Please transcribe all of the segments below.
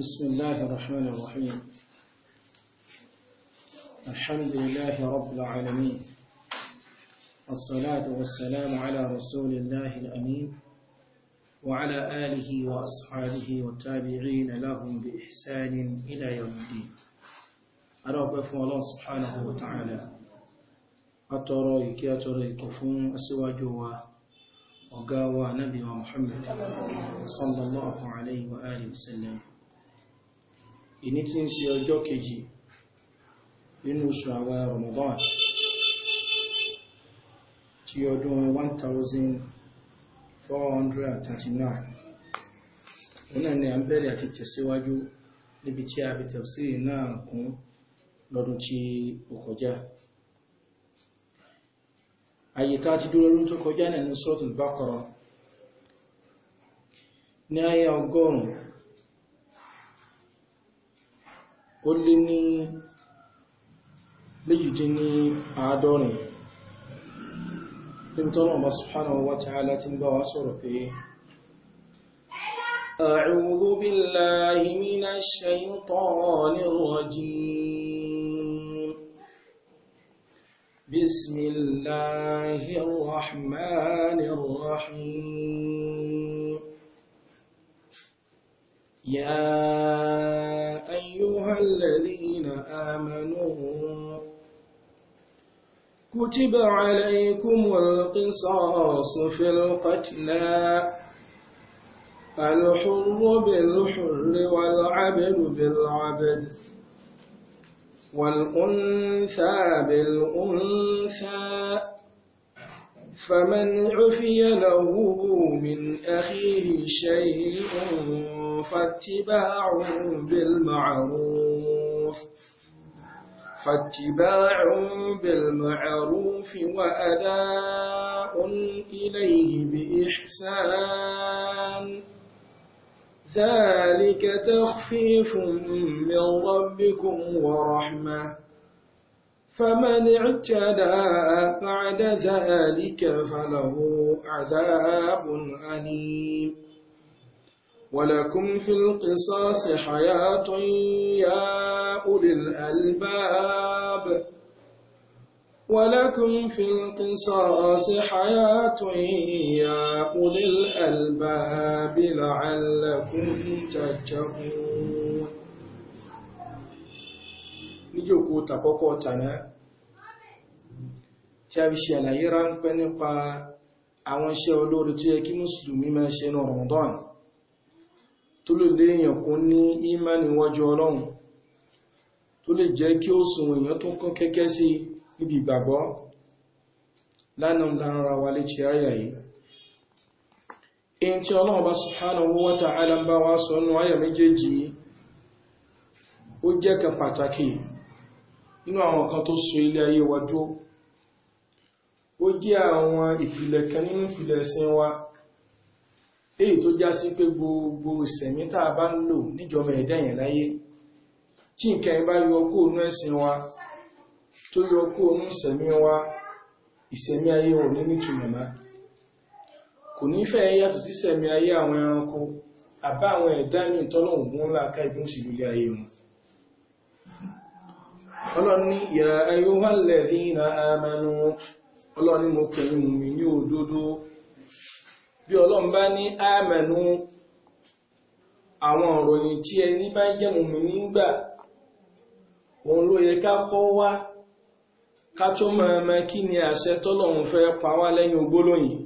بسم الله الرحمن الرحيم الحمد لله رب العالمين الصلاة والسلام على رسول الله الأمين وعلى آله وأصحابه والتابعين لهم بإحسان إلى يوم الدين أرغب الله سبحانه وتعالى أترى كي فون كفون أسواجه وقاوى نبي محمد صلى الله عليه وآله وسلم ìní tí ń ṣe ọjọ́ kejì nínú oṣù àwẹ̀ Ramadan ti ọdún 1439 ọ̀nà ni a ń bẹ̀rẹ̀ àti tẹ̀síwájú níbi tí a fi tẹ̀sí náà kún lọ́dún tí ó kọjá àyíká ti dúró lórí tó kọjá nínú sọ́tún Baqara ní ayé ọgọ́rùn-ún ó lé ní méjìdín ní àádọ́rin níbi tọ́lọ̀ ọmọ subhanahu wa ta'ala ti ń bá wa sọ̀rọ̀ pé أعوذ بالله من الشيطان الرجيم بسم الله الرحمن الرحيم يا الذين آمنوا كتب عليكم القصاص في القتلى الحر بالحر والعبد بالعبد والأنثى بالأنثى فمن عفي له من أخيه شيء فاتباع بالمعروف فاتباع بالمعروف وأداء إليه بإحسان ذلك تخفيف من ربكم ورحمة فمن اعتدى بعد ذلك فله عذاب أليم ولكم في القصاص حياة يا أولي الألباب ولكم في القصاص حياة يا أولي الألباب لعلكم تتقون نجوكو تقوكو تانا تابشي على إيران كنقا أوان شاولور تيكي مسلمي ما شنو رمضان tó lè lé èèyàn kún ní ìmánì níwájú ọlọ́run tó lè jẹ́ kí ó sùn èèyàn tó kún kẹ́kẹ́ sí ibi ìgbàgbọ́ lánàá lára wa lè ṣe àyà yìí in tí ọlọ́run bá subhanahu wa ta'ala ń bá wá sọ nínú àyà méjèèjì ó jẹ́ kan pàtàkì nínú àwọn wa èyí tó já sí pé gbogbo ìsẹ̀mí tá a bá ń lò níjọba ẹ̀dẹ́yìn láyé tí nǹkan bá yọ kó onú ẹ̀sìn wa tó yọ onú ìsẹ̀mí wa ìsẹ̀mí ayé wọn ní kò ní yàtọ̀ sí awon ayé àwọn ẹranko àbá àwọn ẹ̀dá ní bí ọlọ́run bá ní àmẹ́nu àwọn ọ̀ròyìn tí ẹni bá jẹ́ mùmí nígbà òun ló yẹ ká kọ́ wá ká tó máa mọ kí ni àṣẹ tọ́lọ́run fẹ́ pa wá lẹ́yìn ògbólóyìn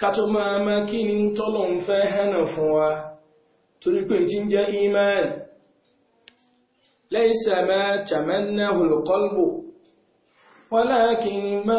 ká tó máa mọ kí ni tọ́lọ́run fẹ́ hẹ́nà fún wa torí pé tí ń jẹ́ iman laysa ma tamannahu al-qalbu walakin ma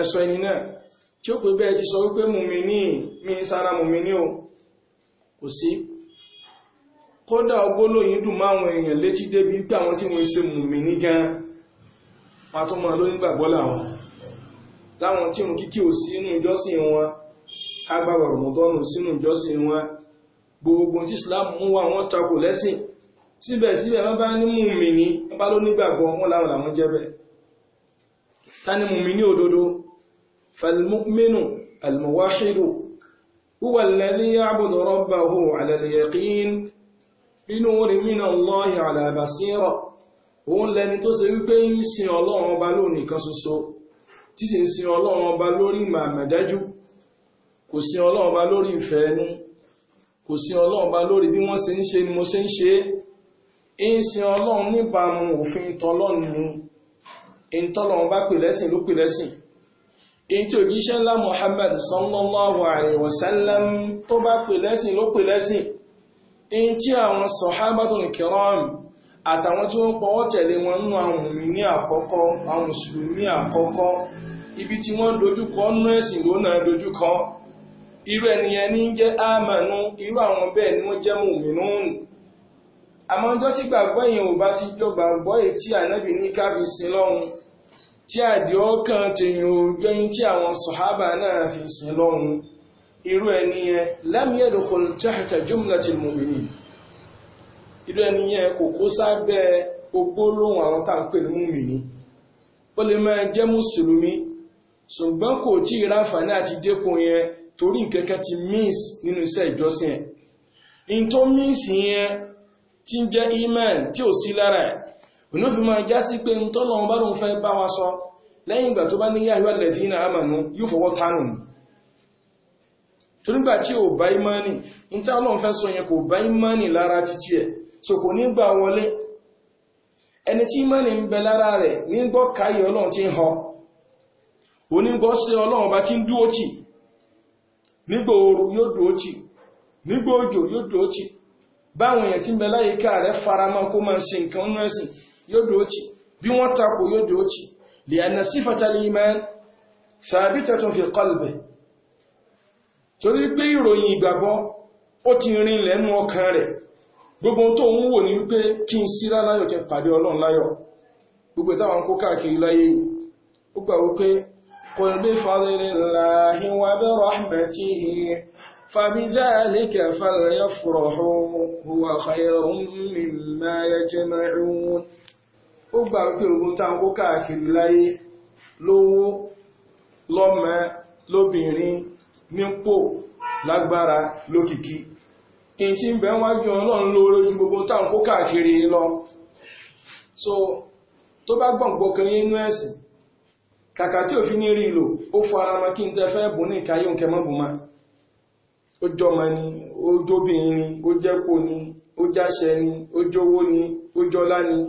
ẹ̀sọ ẹni náà tí ó pè bẹ́ẹ̀ ti sọ wípé mùmíní mi sára mùmíní o kò sí kódà ọgbóló yìí dùn máa wọn èèyàn létí débi pé àwọn tí wọ́n ṣe mùmíní gan pàtọ́mọ̀ ló nígbàgbọ́ láwọn láwọn tí wọn kíkí ò sí inú ìjọsìn wọn kágbàgbà rọ̀mọ̀tọ́nù sínú ìjọsìn wọn gbogbo tí Islam mú wa wọn takò lẹ́sìn síbẹ̀síbẹ̀ wọ́n bá ní mùmíní wọ́n bá ló nígbàgbọ́ wọn láwọn làwọn jẹ́ bẹ́ẹ̀ ta ni mùmíní òdodo فالمؤمن الموحد هو الذي يعبد ربه على اليقين بنور من الله على بصيرة òun lẹni tó ṣe wípé ń sin ọlọ́run ọba lónìí nìkan ṣoṣo tí sì ń sin ọlọ́run ọba lórí màmẹ̀dájú kò sin ọlọ́run ọba lórí ìfẹ́ ẹnu kò sin ọlọ́run ọba lórí bí wọ́n ṣe ń ṣe ni mo ṣe ń ṣe é ń sin ọlọ́run níbàámu òfin tọlọ́run ni ìtọ́lọ́run bá pè ló pè èyí tí òjíṣẹ́ ńlá Muhammad sallallahu alayhi wa sallam tó bá pè lẹ́sìn ló pè lẹ́sìn èyí tí àwọn sahabatul kiram àtàwọn tí wọ́n pọwọ́ tẹ̀lé wọn nínú àwọn mùmíní àkọ́kọ́ àwọn mùsùlùmí àkọ́kọ́ ibi tí wọ́n dojúkọ nú ẹ̀sìn ló náà dojúkọ irú ẹnìyẹn jẹ́ àmánú irú àwọn bẹ́ẹ̀ ni wọ́n jẹ́ mùmínún àmọ́ tí gbàgbọ́ èèyàn ò bá ti jọ gbàgbọ́ èyí tí ànábì ní káfí sí lọ́hùn tí àdìọ́ kan tèèyàn ògbẹ́yìn tí àwọn sọ̀hábà náà fi sìn lọ́hun irú ẹni yẹn lam yadkhul tahta jumlatil mu'minin irú ẹni yẹn kò kó sábẹ́ ogbólóhùn àwọn tá à ń pè ní mùmìnì ó lè máa jẹ́ mùsùlùmí ṣùgbọ́n kò tí ì ráǹfààní àti dẹ́kun yẹn torí nǹkan ti miss nínú iṣẹ́ ìjọsìn ẹ̀ ní tó miss yẹn ti jẹ́ iman tí ò sí lára ẹ̀ òní fi máa já sí pé ń tọ́lọ̀ wọn bá lóun fẹ́ bá wa sọ lẹ́yìn ìgbà tó bá ní yáyọ́ lẹ́fínà àmànú yóò fọwọ́ tánù torígbà tí ò bá ìmáni ọlọ́run fẹ́ sọ yẹn kò bá lára títí ẹ̀ so kò ní gbà wọlé ẹni tí ìmáni ń bẹ lára rẹ̀ nígbọ́ káyẹ ọlọ́run ti ń họ onígbọ́ sí yodochi bí wọ́n takò ochi lè anna sífàtàlì iman sàbítàtún fi qalbi torí pé ìròyìn ìgbàgbọ́ ó ti rin lẹ́nu ọkàn rẹ̀ gbogbo tó ń wò ní wípé kí n sí láyọ̀ kẹ pàdé ọlọ́n láyọ̀ gbogbo táwọn kó káàkiri láyé ó gbà wípé ó gba wípé ogun táwọn káàkiri láyé lówó lọ́mọ lóbìnrin nípò lágbára lókìkí ìtí ń bẹ wájú ọlọ́run lóore ju gbogbo táwọn káàkiri lọ so tó bá gbọ̀ngbọ̀ kan yé inú ẹ̀sìn kàkà tí fi ní rí ìlò ó fọ ara ma kí n tẹ́ fẹ́ ní ìkáyé ó ni ó jóbìnrin ni ó jáṣẹ ni ó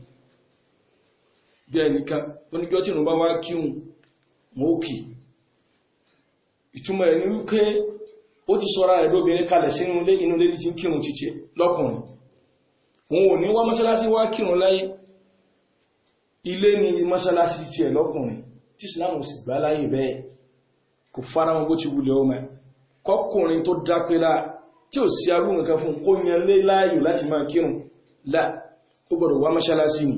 bí ẹnìkan oníjọ́ tí ìrùn bá wá kíhùn mọ́ òkè ìtumọ̀ ẹni wípé ó ti sọ́ra ẹ̀lóbìnrin kalẹ̀ sínú ilé inú ilé tí ń kírun títí lọ́kùnrin òun ò ní wá mọ́sálásí wá kírun láyé ilé ni mọ́sálásí títí ẹ̀ lọ́kùnrin tí Islam sì gbà láyé bẹ́ẹ̀ kò fara wọn bó ti wulẹ̀ ọmọ kọkùnrin tó dápẹ́lá tí ò sí arú nǹkan fún kó yan lé láàyò láti máa kírun lá ó gbọ́dọ̀ wá mọ́sálásí ni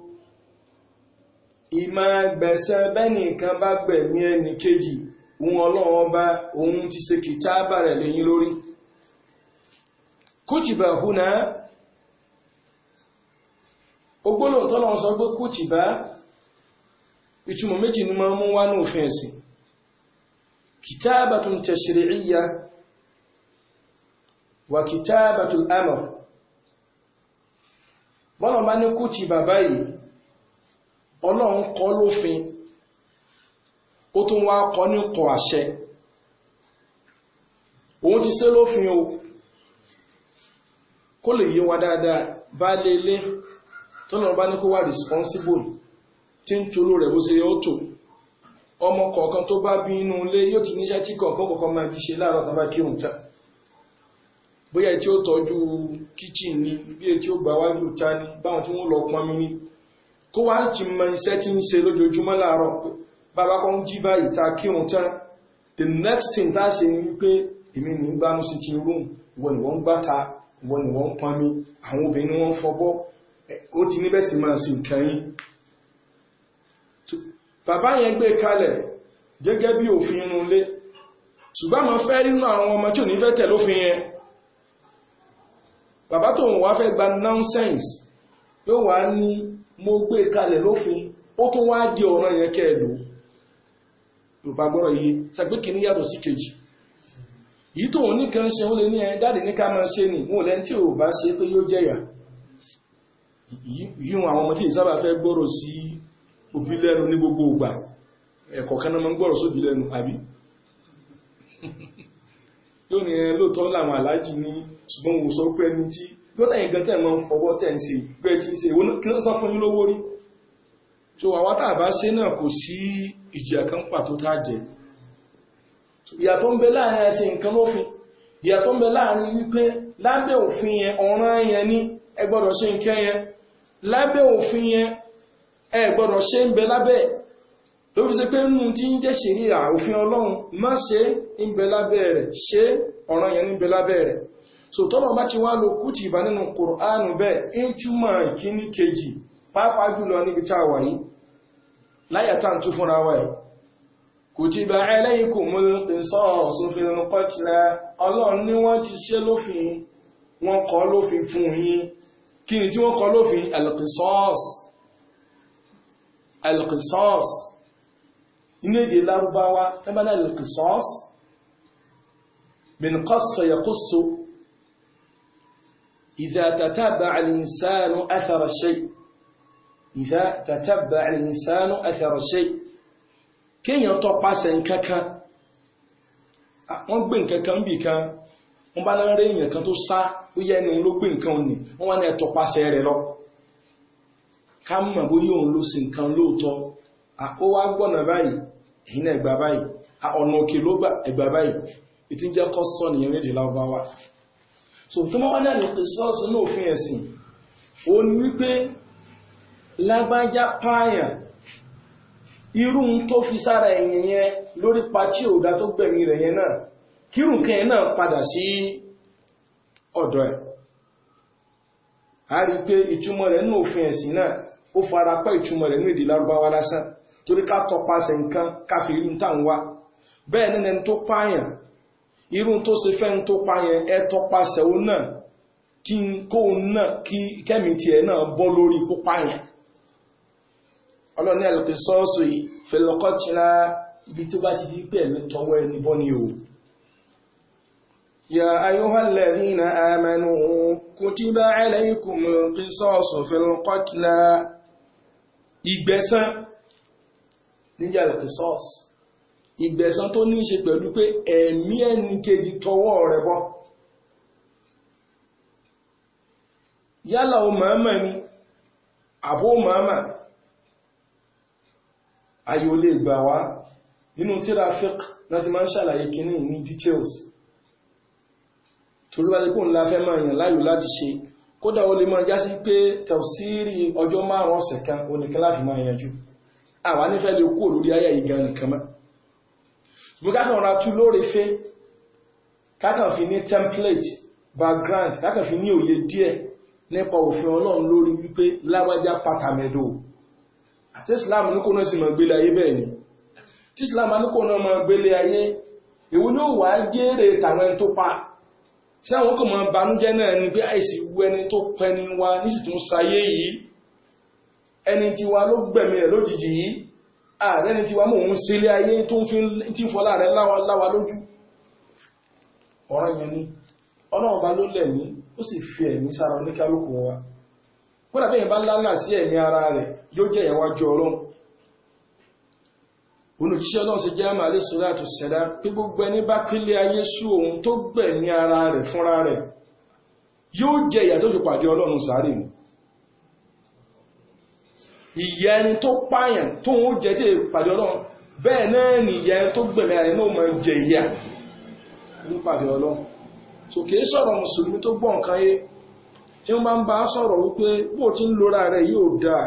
ìmọ̀ gbẹ̀sẹ̀ bẹ́nìkan bá gbẹ̀mí ẹnì kejì òun ọlọ́run ọba òun ti ṣe kìtáàbà rẹ̀ lẹ́yìn lórí kútìbà húnà ogbólò tọ́lọ̀ sọ pé kútìbà ìtumọ̀ méjì ní máa wá ní òfin ẹ̀sìn kìtáàbàtún tashri'iyya wà kìtáàbàtún bá ní báyìí ọlọ́run kọ́ lófin ó tún wá kọ́ ní kọ àṣẹ òun ti ṣe lófin o kó lè yé dáadáa bá lé ilé bá ní kó wà responsible tí ń toló rẹ̀ bó ṣe yóò tò ọmọ kọ̀ọ̀kan tó bá bí inú ilé yóò ti níṣẹ́ tí kọ̀ọ̀kan kọ̀ọ̀kan máa ti ṣe láàárọ̀ tàbá kí òun ta bóyá tí ó tọ́jú kíchìn ni bí tí ó gbà wájú ta ni báwọn tí wọ́n lọ pọnmi ni kó wá ti mọ iṣẹ́ tí ń ṣe lójoojúmọ́ láàárọ̀ pé bàbá kan jí báyìí ta kírun tán the next thing tá ṣe ni wípé èmi ní gbánú sí ti rúùn wọ́n ni wọ́n gbáta wọ́n ni wọ́n pọnmi àwọn obìnrin wọ́n fọbọ́ ó ti níbẹ̀ sí máa sí nǹkan yín bàbá yẹn gbé kalẹ̀ gẹ́gẹ́ bí òfin inú ilé ṣùgbọ́n mo fẹ́ nínú àwọn ọmọ tí ò ní fẹ́ tẹ̀ lófin yẹn bàbá tó wọ́n wá fẹ́ gba nonsense yóò wá ní mo gbé e kalẹ̀ lófin ó tún wá di ọ̀ràn yẹn kẹ́ ẹ lò yorùbá gbọ́rọ̀ yìí sàgbé kìíní yàtọ̀ sí kejì yìí tó wọn nìkan ṣe ó lè ní ẹ dáàdì ní ká máa ṣe nì wọn ò lẹ́ni tí ò bá ṣe pé yóò jẹ̀yà yíwọn àwọn ọmọ tí ìsábà fẹ́ gbọ́rọ̀ sí òbí lẹ́nu ní lọ́nà ìgan tẹ́ mọ́ fọwọ́ tẹ́ ń ṣe bẹ́ẹ̀ tí ń ṣe ìwọ́n kí ló sọ fún yín lówó rí so àwa tá a bá ṣe náà kò sí ìjìyà kan pàtó tá a jẹ ìyàtọ̀ ń bẹ láàrin ẹsẹ̀ nǹkan lófin ìyàtọ̀ ń bẹ láàrin wípé lábẹ́ òfin yẹn ọ̀ràn yẹn ní ẹ gbọ́dọ̀ ṣe nǹkan yẹn lábẹ́ so tọ́lọ̀ bá ti wá lo kútì ìbá nínú kòránù bẹ́ẹ̀ in túmọ̀ ìkíní kejì pàápàá jùlọ níbi tá a wà yìí láyàtà ń tún fúnra wáyé kutiba alaykumul qisasu fil qatla ọlọ́run ní wọ́n ti ṣe lófin wọ́n kọ lófin min qassa yaqussu إذا تتبع الإنسان أثر الشيء إذا تتبع الإنسان أثر الشيء kéèyàn يطبع pàṣẹ nkankan wọ́n gbé nkankan bí kan wọ́n bá lọ́rẹ́ èèyàn kan tó sá ó yẹ ẹni ló gbé nkan òní wọ́n wá ní ẹ̀tọ́ pàṣẹ rẹ̀ lọ ká mọ̀ bó yóò ló sí nkan lóòótọ́ ó wá gbọ́nà báyìí ẹ̀yìn ẹgbà báyìí ọ̀nà òkè ló gbà ẹgbà báyìí so kí wọ́n wọ́n dànù kìsọ́ọ̀sì ní òfin ẹ̀sìn ó ní wípé lágbájá pààyàn irú tó fi sára ẹ̀yìn yẹn lórí pàtí òdá tó gbẹ̀mí rẹ̀ yẹn náà kírùnkẹ́ náà padà sí ọ̀dọ̀ ẹ̀ a rí pé ìtumọ̀ rẹ̀ ní òfin ẹ̀sìn náà ó fara pẹ́ ìtumọ̀ rẹ̀ ní èdè lárúbáwá lásán torí ká tọpasẹ̀ nǹkan káfí irú táwọn wá bẹ́ẹ̀ nínú tó pààyàn irú tó ṣe fẹ́ tó pa yẹn ẹ tọpasẹ̀ òun náà kí n kó òun náà kí kẹ́mi tiẹ̀ náà bọ́ lórí pípa yẹn ọlọ́ni ẹ̀lọ́pẹ̀ sọ́ọ̀sì fẹlọ́kọ́ ti ra ibi tó bá ti di pé ẹ̀mí tọwọ́ ẹni bọ́ ni o يا أيها الذين آمنوا كتب عليكم القصاص في القتلى ìgbẹ̀san níjà القصاص ìgbẹ̀san tó ní í ṣe pẹ̀lú pé ẹ̀mí ẹni kejì tọwọ́ rẹ̀ bọ́ yálà o màmá ni àbó màmá ayò lè gbà wá nínú tíra fiqh láti máa ń ṣàlàyé kíní ní details torí wáyé kó ńlá fẹ́ máa yàn láyò láti ṣe kódà o lè máa já sí pé tafsiri ọjọ́ márùn-ún ọ̀sẹ̀ kan oníkan láfi máa yanjú àwa nífẹ́ lè kú òlórí ayé ìgan nìkan máa ṣùgbọ́n kákan ra tú lóore fẹ́ kákan fi ní template background kákan fi ní òye díẹ̀ nípa òfin ọlọ́run lórí wípé lágbájá pàtàmẹ́dò àti islam ní kó náà sì máa gbélé ayé bẹ́ẹ̀ ni tí islam ní kó náà máa gbélé ayé èwo ni ó wà á jèrè tàwọn tó pa tí àwọn kò máa banújẹ́ náà ni pé àìsí wu tó pẹni wa nísìtún sayé yìí ẹni tiwa ló gbẹ̀mí lójijì yìí ààrẹ ni ti wà mú òun sílé ayé tí ń fọlá rẹ̀ láwa lójú ọ̀rọ̀ yẹn ni ọlọ́ọ̀bá ló lẹ̀mí ó sì fi ẹ̀mí sára oníkálùkù wa kódà bí ìbá lánà sí ẹ̀mí ara rẹ̀ yóò jẹ́ ìwájú ọlọ́run olùjíṣẹ́ náà sì jẹ́ àmà àlésọ́lá àti sẹ̀dá pé gbogbo ẹni bá pílé ayé sú òun ọlọ́run ìyà ẹni tó pààyàn tó ń jẹ tí ìpàdé ọlọ́run bẹ́ẹ̀ náà ni ìyà ẹni tó gbẹ̀mẹ̀ rẹ̀ náà máa jẹ ìyà nípàdé ọlọ́run so kìí sọ̀rọ̀ mùsùlùmí tó gbọ́ nǹkan yé tí wọ́n bá ń bá sọ̀rọ̀ wípé bó ti ń lora rẹ̀ yóò dáa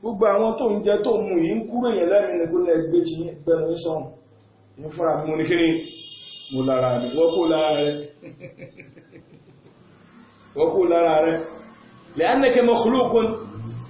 gbogbo àwọn tó ń jẹ tó mú yìí ń kúrò yẹn lẹ́mìí ni lẹ́ gbé ti gbẹnu sọ̀rọ̀ ní fúnra mi mo kíni mo lára mi wọ́n kó lára rẹ̀ wọ́n kó lára rẹ̀ lẹ́yìn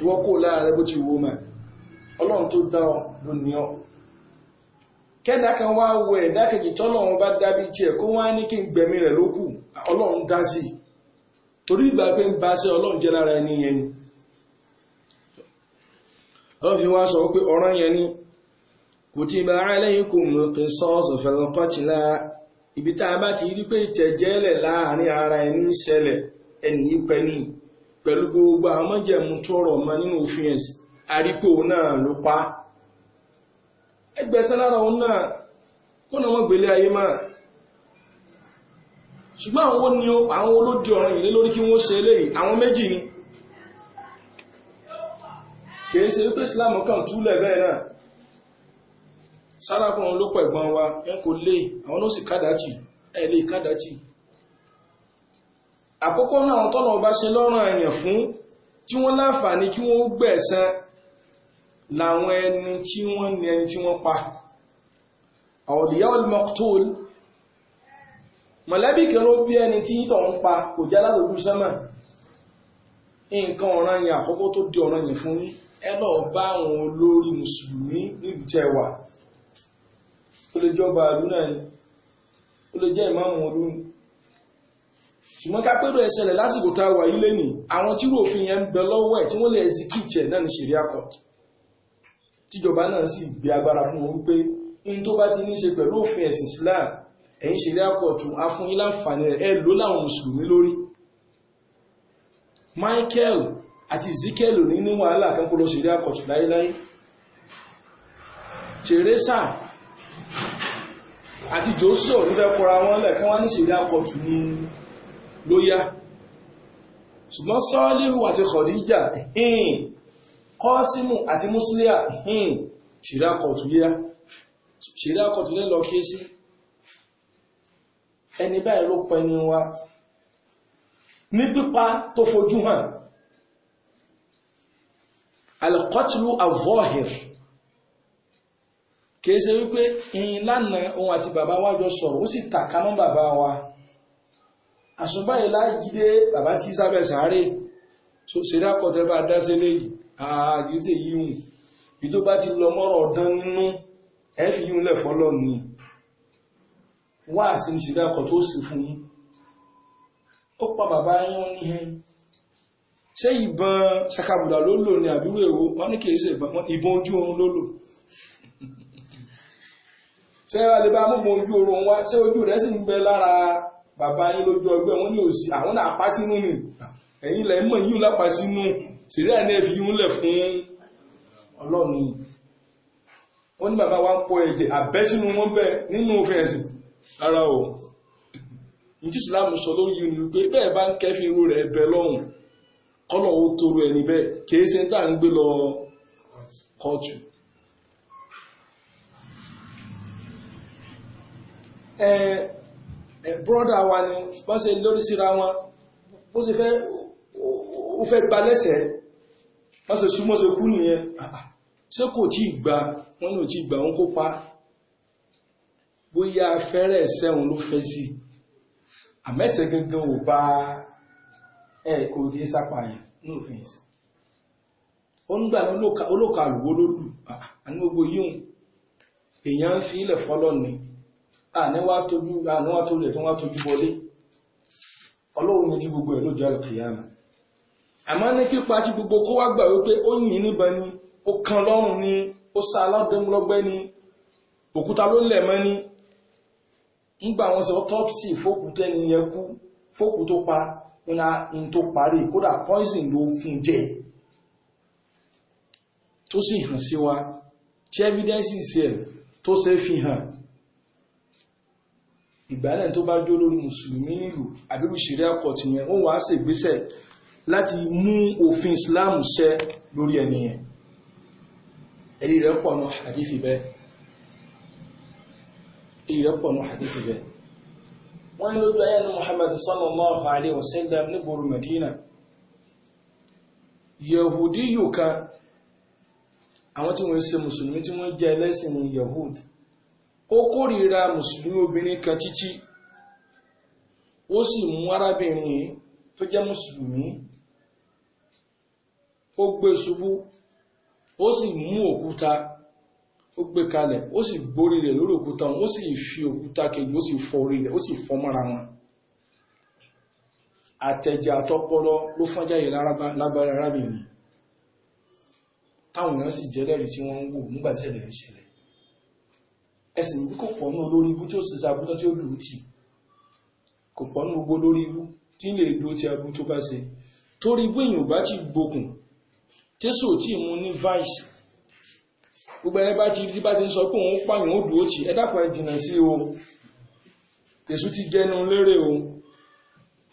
ìwọ kó láàrẹ bó ti wo mẹ́ ọlọ́run tó dá ọ ló ní ọ kẹ́dà wá wo ẹ̀dá tọ́lọ́run bá dábí tiẹ̀ kó wá ní kí n gbẹ̀mí rẹ̀ ló ọlọ́run dá sí torí ìgbà pé ń bá ni fi wá sọ pé yẹn ni ibi tá a bá ti rí pé ara ẹni ń ṣẹlẹ̀ ẹni pẹ̀lú gbogbo àwọn mọ́jẹ̀mú tọrọ ọmọ nínú òfin ẹ̀sìn àrípò náà ló pa ẹgbẹ̀sẹ̀ lára òun náà kọ́nà wọn gbélé ayé máa ṣùgbọ́n àwọn ni àwọn olódi ọ̀ràn ìlé lórí kí wọ́n ṣe eléyìí àwọn méjì ni kìí ṣe wípé Islam kan túlẹ̀ bẹ́ẹ̀ náà sára kan ló pẹ̀gbọ́n wa ẹ kò lè àwọn ló sì kádàtì ẹ lè kádàtì àkọ́kọ́ náà àwọn tọ́nà ọba ṣe lọ́rùn àyàn fún tí wọ́n láǹfààní kí wọ́n gbẹ̀san làwọn ẹni tí wọ́n ní ẹni tí wọ́n pa àwọ̀dìyà olmọ́któòl mọ̀lẹ́bí kẹrọ bí ẹni tí yítọ̀ ń pa kò jẹ́ látòjú sẹ́mà nǹkan ọ̀ràn yẹn àkọ́kọ́ tó di ọ̀ràn yẹn fún ẹ lọ bá àwọn olórí mùsùlùmí nílùú tẹ́ wà ó lè jọba àdúrà ni ó lè jẹ́ ìmáàmù ọdún ṣùgbọ́n ká pérò ẹsẹ̀lẹ̀ lásìkò tá a wà yí lẹ́nu àwọn tí òfin yẹn ń bẹ lọ́wọ́ ẹ̀ tí wọ́n lè execute ẹ̀ náà ní sharia court tíjọba náà sì gbé agbára fún wọn wípé in tó bá ti ní ṣe pẹ̀lú òfin ẹ̀sìn Islam ẹ̀yin sharia court á láǹfààní rẹ̀ ló láwọn mùsùlùmí lórí Michael àti Ezekiel ní ní wàhálà kan kó lọ sharia court láéláé Teresa àti Joshua nífẹ̀ẹ́ kọra wọn lẹ̀ kí wọ́n ní sharia court ní ló yá ṣùgbọ́n sọ́ọ́líhù àti kọ̀díjà hìn kọ́símù àti múslíà hìn ṣìdákọ̀túlé lọ kí sí ẹni báyìí ló pẹ ní wa ní pípa tó fojú hàn alkọtùlú avọ́hìr kìí ṣe wípé ìlànà ohun àti bàbá wa jọ sọ̀rọ̀ ó sì tàkà bàbá wa àṣùgbọ́n yìí lájídé bàbá sí sábẹ̀ sàárè tó ṣe dákọ̀tẹ́ bá dáṣẹ́ léyìí àgbésẹ̀ yíhùn ìtó bá ti lọ mọ́rọ̀ ọ̀dán nínú ẹ̀fì yíhùn lẹ̀ fọ́lọ́ ni wá sí ní ṣe dákọ̀ tó sì fún yín ó pa bàbá yín ní ẹ ṣé ìbọn sakabùdà ṣe ìbọn ojú bá mú ìbọn ojú oorun wá ṣé ojú rẹ̀ sì ń bẹ lára bàbá yín lójú ọgbẹ́ wọn ní òsì àwọn náà pa sínú ni ẹ̀yin lẹ́ mọ̀ yíò lápá sínú ṣèlú àná ẹ̀fì yíò lẹ̀ fún ọlọ́run ó ní bàbá wa ń pọ ẹ̀jẹ̀ àbẹ́sínú wọn bẹ́ nínú òfin ẹ̀sìn rárá o ìdí ìsìlámù sọ lórí yìí ni pé bẹ́ẹ̀ bá ń kẹ́fì irú rẹ̀ ẹbẹ lọ́hùn kọ́lọ̀ ó toro ẹni bẹ́ẹ̀ kìí ṣe tá à ń gbé lọ kóòtù ẹ̀ẹ́ Eh, brọ́dà wa ni wọ́n ṣe lórí síra wọn bó ṣe fẹ́ ó fẹ́ gba lẹ́sẹ̀ wọ́n ṣe súnmọ́ ṣe kú nìyẹn ah, ah, ṣé kò tí ìgbà wọ́n ní ò tí ìgbà wọn kó pa bóyá fẹ́rẹ̀ sẹ́hun ló fẹ́ sí àmẹ́sẹ̀ gangan ò bá ẹ̀ kò dé sápàyàn ní òfin ìsìn ó ń gbà ní olókàlùwó lólù ah, àní gbogbo yíò èèyàn ń fi àníwá tójú àníwá tó lẹ̀ tó wá tójú bọlé ọlọ́run ní kí gbogbo ẹ̀ lójú alùkìyàmà àmọ́ ní kípa tí gbogbo kó wá gbà wípé ó yìn níbà ni ó kan lọ́rùn ni ó sa aládẹ́múlọ́gbẹ́ ni òkúta ló lẹ̀ mọ́ ni ńgbà wọn sọ tọ́psì ìgbà náà tó bá jó lórí mùsùlùmí nílùú àbílù ṣeré àkọ̀tì yẹn wọ́n wá sí ìgbésẹ̀ láti mú òfin islam ṣẹ lórí ẹni yẹn ẹ̀rí rẹ̀ pọ̀ nù hadithi bẹ́ẹ̀ ẹ̀rí rẹ̀ pọ̀ nù hadithi bẹ́ẹ̀ wọ́n lójú ayé ní muhammad sallallahu alaihi wasallam ní ó kórìíra mùsùlùmí obìnrin kan títí ó sì mú arábìnrin tó jẹ́ mùsùlùmí ó gbé ṣubú ó sì mú òkúta ó gbé kalẹ̀ ó sì borí rẹ̀ lórí òkúta ó fi òkúta kejì ó sì fọ́ orí rẹ̀ ó sì fọ́ mọ́ra wọn àtẹ̀jẹ̀ àtọpọlọ ló fọ́n jáyé arábìnrin táwọn èèyàn sì ẹsìn bí kò pọ̀ ní olórí ibú tí ó sèse abúlọ́ tí ó lù ú tì kò pọ̀ ní gbogbo olórí ibú tí lè dúró ti abú tó bá ṣe torí ibú èèyàn bá ti gbógun tẹ́sù tí mú ní vice gbogbo ẹni bá ti rí bá ti ń sọ pé òun pààyàn ó dúró tì ẹ dákun ẹ sí o èṣù ti jẹnu lérè o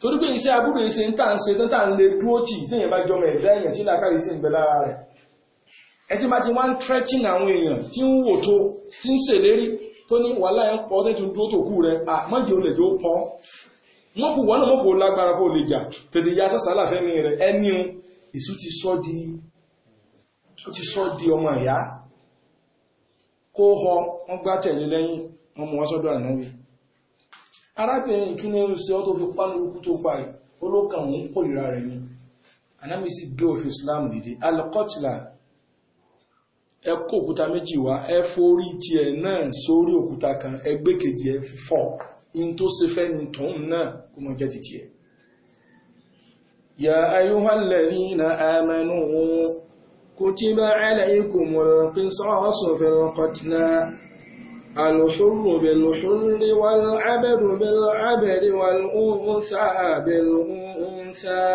torí pé iṣẹ́ abúrò ṣe ń tà ń ṣe tán tà ń lè dúró tì téèyàn bá jọmọ ẹ̀dá èèyàn tí làákàyè sí ń lára rẹ̀ ẹtí bá ti wá ń trẹ́tìn àwọn èèyàn tí ń wò tó tí ń ṣèlérí tó ní wàhálà ẹ̀ ń pọ̀ tẹ́tù dúró tó kú rẹ̀ à mọ́jì olè tó pọ̀ wọ́n kò wọ́n náà mọ́kò lágbára kó lè jà tètè ya sásàlá fẹ́mi rẹ̀ ẹni èṣù ti sọ di ọmọ ìyá kó họ wọ́n gbá tẹ̀lé lẹ́yìn ọmọ wọn sọ́dọ̀ ànáwí arábìnrin ìtúnú sí ọ́ tó fi ni ànáwí sì gbé Islam dìde alkọ́tìlá ẹ kó òkúta méjì wá ẹ forí tiẹ̀ náà sórí òkúta kan ẹgbẹ́ kejì ẹ fi fọ́ tó ṣe fẹ́ ni tòun náà kó mọ jẹ́ titi ẹ̀. ya ayyuhal ladhina amanu kutiba alaykumul qisasu fil qatla الحر بالحر والعبد بالعبد والأنثى بالأنثى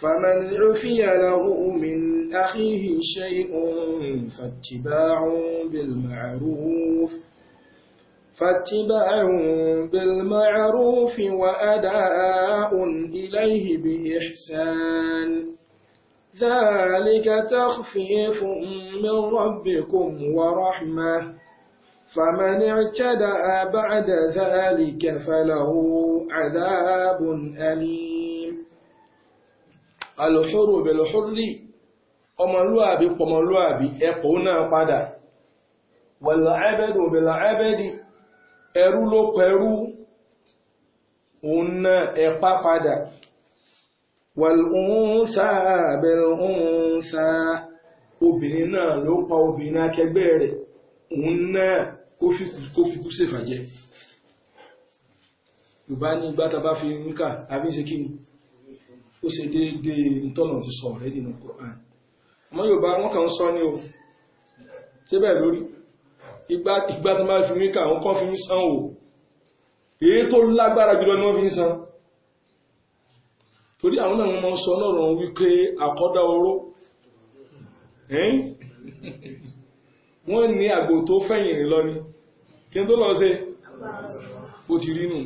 فمن عفي له من أخيه شيء فاتباع بالمعروف فاتباع بالمعروف وأداء إليه بإحسان ذلك تخفيف من ربكم ورحمة فمن اعتدى بعد ذلك فله عذاب أليم الحر بالحر ọmọlúàbí pọmọlúàbí ẹ̀pọ̀ náà padà wẹ̀lá ẹbẹ́dì òbẹ̀lá ẹbẹ́dì ẹrú ló pẹ̀rú òun náà ẹ̀pá padà wẹ̀lúnsá abẹ́lúnsá obìnrin náà ló pa obìnrin akẹgbẹ́ rẹ̀ òun náà kó fikú ṣèfàjẹ́ yorùbá ní ìgbà tá fi ń kà àbí kí ni ó ṣe déédéé ìtọ́nà ti sọ rẹ̀ nínú ọmọ Yorùbá wọn kàn ń sọ ní o ṣé bẹ́ẹ̀ lórí ìgbà ìgbà tó máa fi mí kà wọn kàn fi mí san o èyí tó lágbára jùlọ ni wọ́n fi ń san torí àwọn náà wọ́n máa ń sọ lọ́rọ̀ wípé àkọ́dá oró wọ́n ní àgbò tó fẹ̀yìn lọ ni kí n tó lọ ṣe ó ti rí nù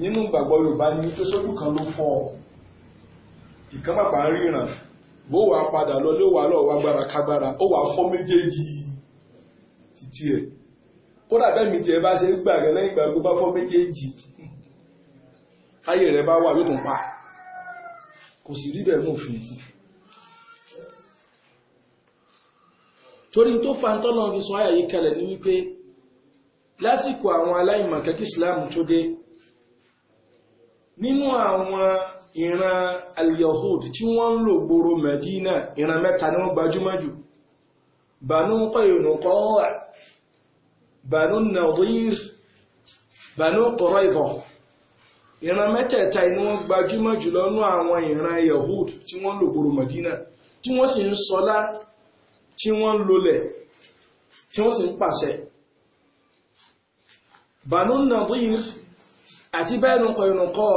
nínú ìgbàgbọ́ Yorùbá ní pé sójú kan ló fọ́ ìkan pàpà ń ríran bó wà padà lọ ló wà lọ́wọ́ agbára kágbára ó wà fọ́ méjèèjì títí ẹ̀ kódà bẹ́ẹ̀ mi tiẹ̀ bá ṣe ń gbà rẹ lẹ́yìn ìgbà gbogbo bá fọ́ méjèèjì káyè rẹ bá wà yóò tún pa kò sì rí bẹ́ẹ̀ mú òfin sí torí tó fa tọ́lọ́ fi sọ ayàyí kalẹ̀ ní wípé lásìkò àwọn aláìmọ̀kẹ́kí Islam tó dé nínú àwọn ìran al-yahud tí wọ́n ń lò gbòòrò Medina ìran mẹ́ta ni wọ́n gbajúmọ̀ jù Banu Qaynuqa Banu Nadir Banu Qurayza ìran mẹ́tẹ̀ẹ̀ta ni wọ́n gbajúmọ̀ jù lọ́nú àwọn ìran yahud tí wọ́n lò gbòòrò Medina tí wọ́n sì ń sọlá tí wọ́n ń tí wọ́n sì ń pàṣẹ Banu Nadir àti Banu Qaynuqa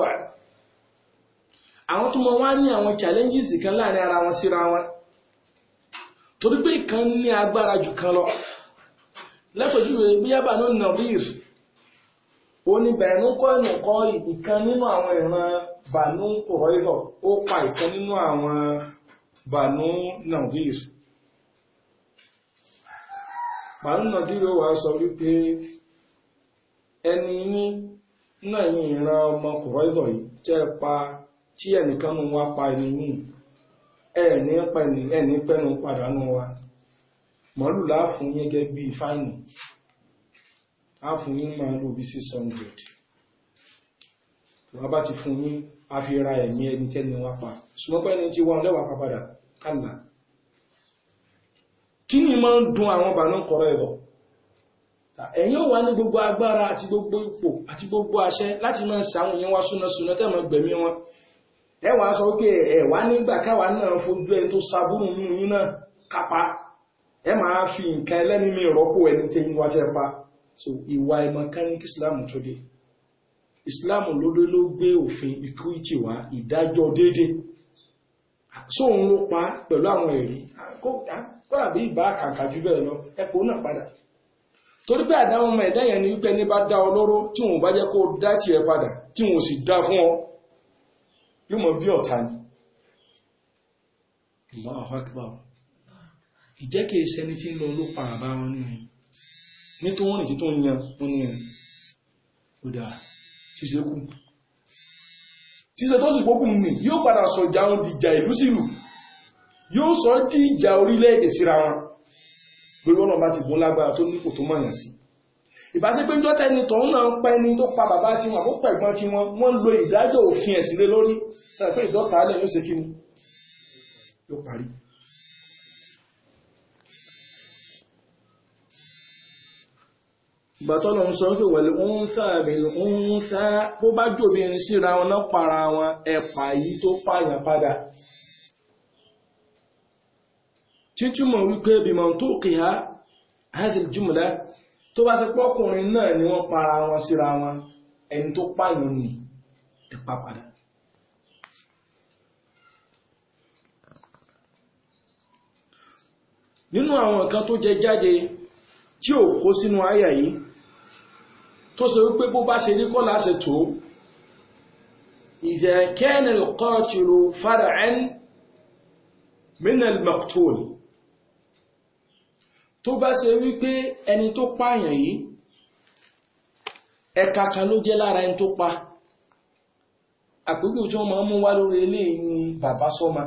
àwọn tó mọ wá ní àwọn challenges kan láàrin ara wọn síra wọn torí pé kan ní agbára jù kan lọ lẹ́pẹ̀júwe bíyábà ló nàbír oníbẹ̀rún kọ́ ìnùkọ́ ìkan nínú àwọn ìran bànú kòrọ́ìrọ̀ ó pa ìkan nínú àwọn bànú nàbír bànú ó sọ wípé ẹni yín náà yìí ìran ọmọ yìí jẹ́ pa tí ẹnìkan nù wá pa ẹni míì ẹni pẹni ẹni pẹnu pàdánù wa màálù láàfún yín gẹ́gẹ́ bíi fáìnì láàfún yín màálù bíi six hundred wọ́n bá ti fún yín a fi ra ẹ̀mí ẹni tẹ́ni wá pa ṣùgbọ́n pé ẹni tí wọ́n lẹ́wàá pa padà kàlà kí ni máa ń dun àwọn bàánú kọ̀rọ̀ ẹ̀rọ ẹ̀yin ò wá ní gbogbo agbára àti gbogbo ipò àti gbogbo àṣẹ láti máa ṣe àwọn èèyàn wá tẹ́ mọ́ gbẹ̀mí wọn ẹwà sọ pé ẹ̀wà nígbà káwà náà fojú ẹ tó sàbúrù nínú yín náà kápá ẹ máa fi nǹkan ẹlẹ́ni mi rọ́pò ẹni tí wá tẹ́ pa so ìwà ẹ̀mọ̀ kan ní kí islam tó dé islam lódé ló gbé òfin equity wá ìdájọ́ déédéé so òun ló pa pẹ̀lú àwọn ẹ̀rí kọ́nà bí ìbá kàkà jù bẹ́ẹ̀ lọ ẹ̀pọ̀ náà padà torí pé àdáwọn ọmọ ẹ̀dá yẹn ni wípé ní bá dá ọ lóró tí wọn ò bá jẹ́ kó dá tiẹ̀ padà tí wọn sì dá fún ọ yóò mọ̀ bí ọ̀tá ni ìjẹ́ kìí ṣẹni tí ń lọ ló pa àbá wọn ní ẹ̀yìn ní tó wọ́n nìtí tó ń yan wọn ní ẹ̀yìn ó dà ṣíṣe kú ṣíṣe tó sì pókù mú yóò padà sọ ìjà wọn di ìjà ìlú sílù yóò sọ di ìjà orílẹ̀-èdè síra wọn gbogbo ọ̀nà bá ti gún lágbára tó nípò tó mọ̀yàn sí ìbáṣepé ń jọ́tẹ́ ni tọ̀hún náà ń pẹ́ ni tó pa bàbá tí wọn àkópọ̀ ẹ̀gbọ́n tí wọn wọ́n lo ìdájọ́ òfin ẹ̀sìn lé lórí sọ pé ìdọ́ta alẹ́ yóò ṣe kí ni yóò parí ìgbà ń sọ pé wẹ̀lú ń sáàbìlú ń sá bó tó kìí ha hadhihi tó bá ṣe pọ́kùnrin náà ni wọ́n para wọn síra wọn ẹni tó pààyàn ní ẹ̀pá padà nínú àwọn nǹkan tó jẹ jáde tí ò kó sínú àyà yìí tó ṣe wípé bó bá ṣe rí kọ́ láṣẹ tó idha kana al-qatilu far'an min al-maqtul tó bá ṣe wípé ẹni tó pààyàn yìí ẹ̀ka kan ló jẹ́ lára ẹni tó pa àpéjú tí wọ́n máa ń mú wá lórí eléyìí ni bàbá sọ́ma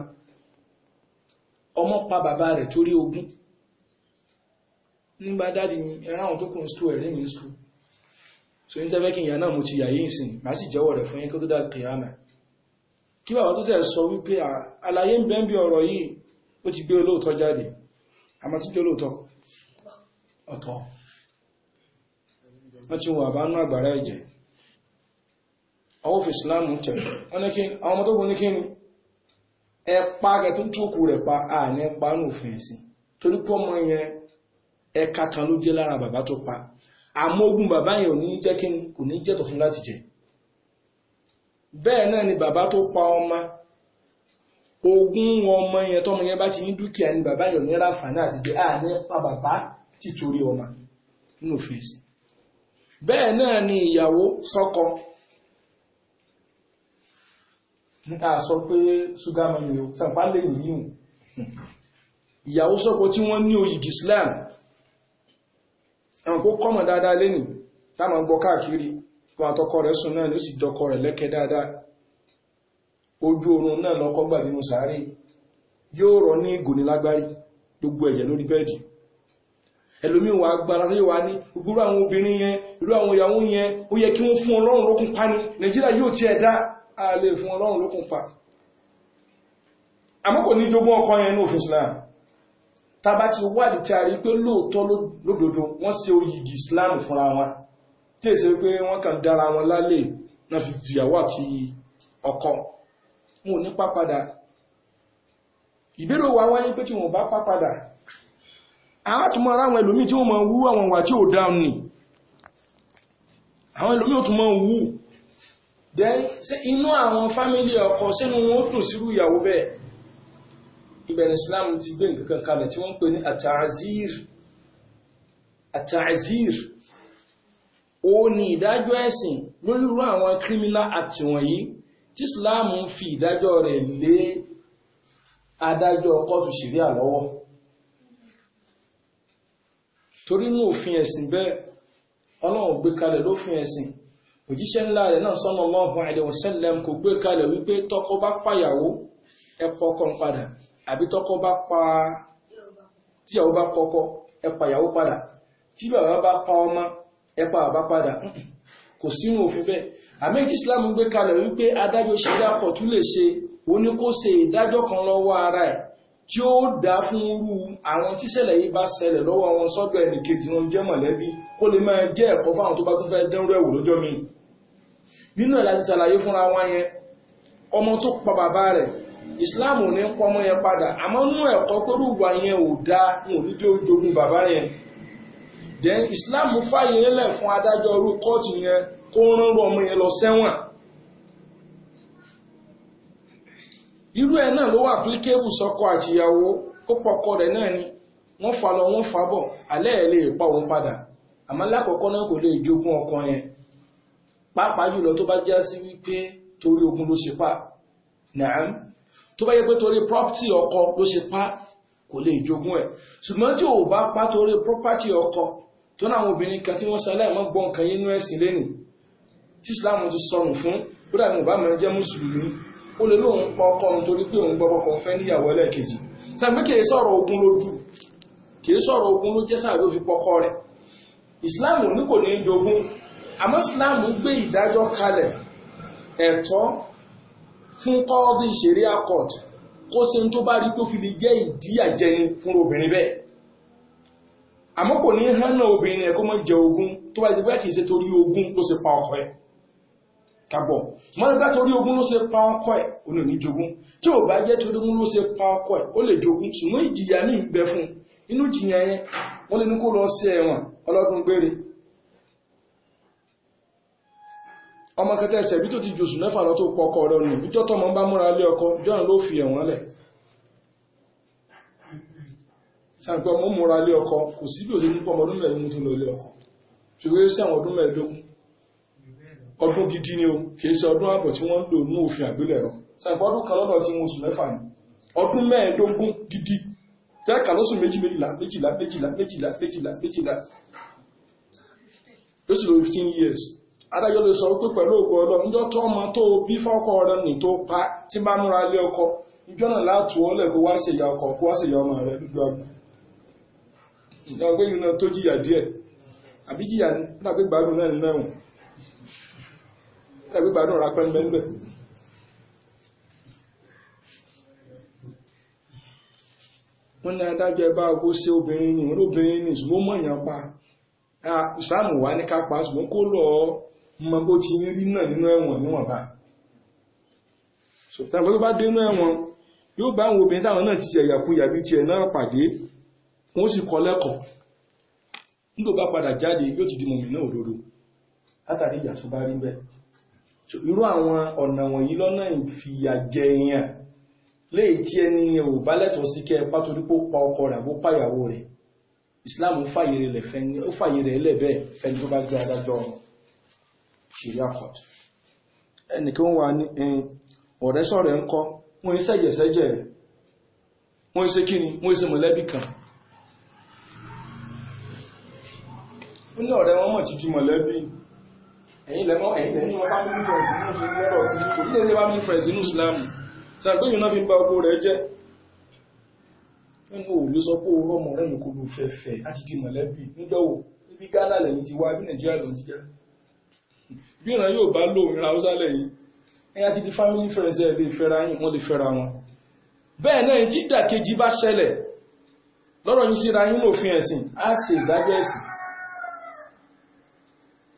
ọmọ pa bàbá rẹ̀ torí ogún nígbà dáàdì ni ẹ̀rọ àwọn tó kù ní skul ẹ̀rí mi ní skul so ní tẹ́fẹ́ kí ìyá náà mo ti yà yìí sìn má sì jẹ́wọ́ rẹ̀ fún yín kó tó dá kìyàmà kí bàbá tó sẹ̀ sọ wípé àlàyé ń bẹ́ẹ̀ bí ọ̀rọ̀ yìí ó ti gbé olóòótọ́ jáde àmọ́ tí jẹ́ olóòótọ́ ọ̀tọ̀ wọ́n ti wọ àbánú àgbàrá ẹ̀jẹ̀ ọwọ́ fi islamu tẹ̀ wọ́n ní kí àwọn ọmọ tó gún ní kí ni ẹpa rẹ̀ tó tókù rẹ̀ pa àní ẹpa ní òfin ẹ̀sìn torí pọ́ mọ́ yẹn ẹka ogun ni kò ní jẹ́tọ̀ fún láti jẹ bẹ́ẹ̀ náà ni bàbá tó pa ọmọ ogún ọmọ yẹn tọ́mọ yẹn bá ti ní dúkìá ni bàbá yẹn ò ní ráǹfààní àti jẹ àní ẹpa bàbá títorí ọmọ nínú fèsì bẹ́ẹ̀ náà ni ìyàwó sọ́kọ a sọ pé ṣúgá mami o sàpá lè yíhùn ìyàwó sọ́kọ tí wọ́n ní o Islam ẹ̀wọ̀n kó kọ́mọ̀ dáadáa lẹ́nì táàmà gbọ́ káàkiri wọn àtọkọ rẹ̀ sùn náà ló sì dọkọ rẹ̀ lẹ́kẹ́ dáadáa ojú oorun náà lọ́kọ́ gbà nínú sàárè yóò rọ ní gbogbo ẹ̀jẹ̀ lórí bẹ́ẹ̀dì ẹlòmíì wà agbára rí wa ní gbogbo àwọn obìnrin yẹn irú àwọn ìyàwó yẹn ó yẹ kí wọ́n fún ọlọ́run lókun pa ní nàìjíríà yóò ti ẹ̀dá a lè fún ọlọ́run lókun pa àmọ́ kò ní jogún ọkọ yẹn ní òfin islam tàbá ti wádìí tí a rí pé lóòótọ́ lódodo wọ́n ṣe oyìgì islam fúnra wọn tí èsè pé wọ́n kàn dára wọn lálẹ́ náà fi ìyàwó àti ọkọ wọn ò ní pápadà ìbéèrè wa wáyé pé tí wọn bá pápadà àátùmọ̀ ara àwọn ẹlòmí tí ó máa wú àwọn wà tí ó dáun ni àwọn ẹlòmí ó tún máa wú inú àwọn fámílì ọkọ sínú wọn ó dùn sírú ìyàwó bẹ́ẹ̀ ìbẹ̀rẹ̀ Islam ti gbé nǹkan kalẹ̀ tí wọ́n ń pè ní àtàzír àtàzír ó ní ìdájọ́ ẹ̀sìn lórí irú àwọn criminal act wọ̀nyí tí Islam ń fi ìdájọ́ rẹ̀ lé adájọ́ kọ́ọ̀tù ṣìríà lọ́wọ́ torí inú òfin ẹ̀sìn bẹ́ẹ̀ ọlọ́run gbé kalẹ̀ lófin ẹ̀sìn òjíṣẹ́ ńlá rẹ̀ náà sallallahu alaihi wasallam kò gbé kalẹ̀ wípé tọ́kọ bá pàyàwó ẹpọ ọkàn padà àbí tọ́kọ bá pa tíyàwó bá pọkọ ẹpàyàwó padà tí bàbá bá pa ọmọ ẹpa bàbá padà kò sínú òfin bẹ́ẹ̀ àmì tí Islam gbé tí ó dá fún irú àwọn tíṣẹ̀lẹ̀ yìí bá ṣẹlẹ̀ lọ́wọ́ wọn sọ́dọ̀ ẹnì kejì wọn jẹ́ mọ̀lẹ́bí kó lè máa jẹ́ ẹ̀kọ́ fáwọn tó bá tún fẹ́ dẹ́rù ẹ̀wò lọ́jọ́ mi nínú ẹ̀ ṣàlàyé fúnra wọn yẹn ọmọ tó pa bàbá rẹ̀ Islam ò ní pọ́ ọmọ yẹn padà àmọ́ nú ẹ̀kọ́ pẹ̀lú ìwà yẹn ò dáa ń ò ní jẹ́ ojogún bàbá yẹn then Islam fàyè lẹ̀ fún adájọ́ irú kóòtù yẹn kó rán ọmọ yẹn lọ sẹ́wọ̀n irú ẹ̀ náà ló wà applicable sọ́kọ àtìyàwó ó pọ̀kọ rẹ̀ náà ni wọ́n fa lọ wọ́n fa bọ̀ alẹ́ ẹ̀ lè pa òun padà àmọ́ lákọ̀ọ́kọ́ náà kò lè jogún ọkọ yẹn pàápàá jùlọ tó bá já sí wípé torí ogun ló ṣe pa nàám tó bá yẹ pé torí property ọkọ ló ṣe pa kò lè jogún ẹ̀ ṣùgbọ́n tí ò bá pa torí property ọkọ tó náà àwọn obìnrin kan tí wọ́n ṣe aláìmọ́ gbọ́ nǹkan yín nú ẹ̀sìn lẹ́nìí tí Islam ti sọnù fún bódà ni bá mẹ́rin jẹ́ mùsùlùmí ó lè lóun pa ọkọ òun torí pé òun gbọ́kọ̀ kan fẹ́ níyàwó ẹlẹ́ẹ̀kejì sàgbé kìí sọ̀rọ̀ ogun lójú kìí sọ̀rọ̀ ogun ló jẹ́ sàgbé fi pọkọ rẹ̀ ìsìláàmù ní kò ní jogún àmọ́ ìsìláàmù gbé ìdájọ́ kalẹ̀ ẹ̀tọ́ fún kọ́ọ́dì ìṣeré accord kó se tó bá rí tó fi lè jẹ́ ìdíyàjẹni fún obìnrin bẹ́ẹ̀ àmọ́ kò ní hánà obìnrin ẹ̀ mọ́ jẹ ogun tó bá ti bẹ́ẹ̀ kìí ṣe torí ogun ó sì pa ọkọ ẹ̀ kagbọ̀ wọ́n gbá torí ogún ló ṣe pa ọkọ ẹ̀ ó lè ní jogún tí ò bá jẹ́ torí ogún ló ṣe pa ọkọ ẹ̀ ó lè jogún ṣùgbọ́n ìjìyà ní ìgbẹ́ fún inú jìyà yẹn wọ́n lè ní kó lọ sí ẹ̀wọ̀n ọlọ́dún gbére ọmọ kẹta ẹsẹ̀ bí tó ti jòsù mẹ́fà lọ tó pọ̀ ọkọ rẹ̀ nù ìjọ́ tọmọ bá múra lé ọkọ john ló fi ẹ̀wọ̀n lẹ̀ sàǹpẹ́ ọmọ múra lé ọkọ kò sí bí òṣèlú pọ̀ ọmọ ọdún mẹ́rin tó lọ lé ọkọ ṣùgbọ́n sí àwọn ọdún mẹ́ẹ̀ẹ́dógún ọdún gidi ni o kìí ṣe ọdún àbọ̀ tí wọ́n lò ní òfin àgbélẹ̀rọ sàgbọ́ ọdún kan lọ́dọ̀ tí wọ́n mẹ́fà ni ọdún mẹ́ẹ̀ẹ́dógún gidi tẹ́ẹ̀kà lóṣù méjì méjìlá méjìlá méjìlá méjìlá méjìlá méjìlá years adájọ́ lè sọ pé pẹ̀lú òkú níjọ́ tó ọmọ tó bí fọ́kọ nì ọkọ níjọ́ náà látò lẹ́kọ̀ọ́ wá ọkọ kó wá ọmọ rẹ yìí náà tó jìyà díẹ̀ àbí ẹgbẹ́ gbádùn ra pẹ́ mẹ́lẹ̀ wọ́n ní adájọ́ ẹbá ogó sí obìnrin ni wọ́n lóbìnrin ni ṣùgbọ́n mọ̀ èèyàn pa ìsáàmù wá ní kápá ṣùgbọ́n kó lọ mọ bó ti rí náà nínú ẹ̀wọ̀n níwọ̀nba ṣùgbọ́n tó bá dénú ẹ̀wọ̀n yóò bá àwọn obìnrin táwọn náà ti jẹ ìyàkuyà bí tiẹ̀ náà pàdé wọ́n sì kọ́ lẹ́kọ̀ọ́ nígbà bá padà jáde yóò ti di mọ̀mí náà òdodo látàrí ìyà tó bá rí bẹ́ẹ̀ irú àwọn ọ̀nà wọ̀nyí lọ́nà ìfìyà jẹ èèyàn léè tí ẹni yẹn ò bá lẹ́tọ̀ọ́ sí kẹ́ ẹpá torí pó pa ọkọ rẹ̀ àbó pàyàwó rẹ̀ Islam fàyè rẹ̀ lẹ́bẹ̀ẹ́ fẹ́ni tó bá jẹ́ adájọ́ ṣìrí àkọ́t ẹnìkan wà ní ọ̀rẹ́ sọ̀rẹ́ ẹ̀yin lẹ́mọ́ ẹ̀yin lẹ́ni wọn family friends inú ṣe lọ́rọ̀ sí kò ní lè family friends inú Islam ṣàgbéyìí náà fi ń ba owó rẹ̀ jẹ́ nínú òòlù sọ pé owó ọmọ rẹ̀ ní kò ló fẹ́fẹ́ láti di mọ̀lẹ́bí nígbẹ̀wò ibi Ghana lẹ́yìn ti wá bí Nàìjíríà ló ti jẹ́ bí ìran yóò bá lò ìran Haúsá lẹ́yìn ẹ̀yà ti di family friends ẹ̀ lè fẹ́ra yín wọ́n lè fẹ́ra wọn bẹ́ẹ̀ náà tí ìdàkejì bá ṣẹlẹ̀ lọ́rọ̀ yín síra yín lòfin ẹ̀sìn á sì ìdájọ́ ẹ̀sìn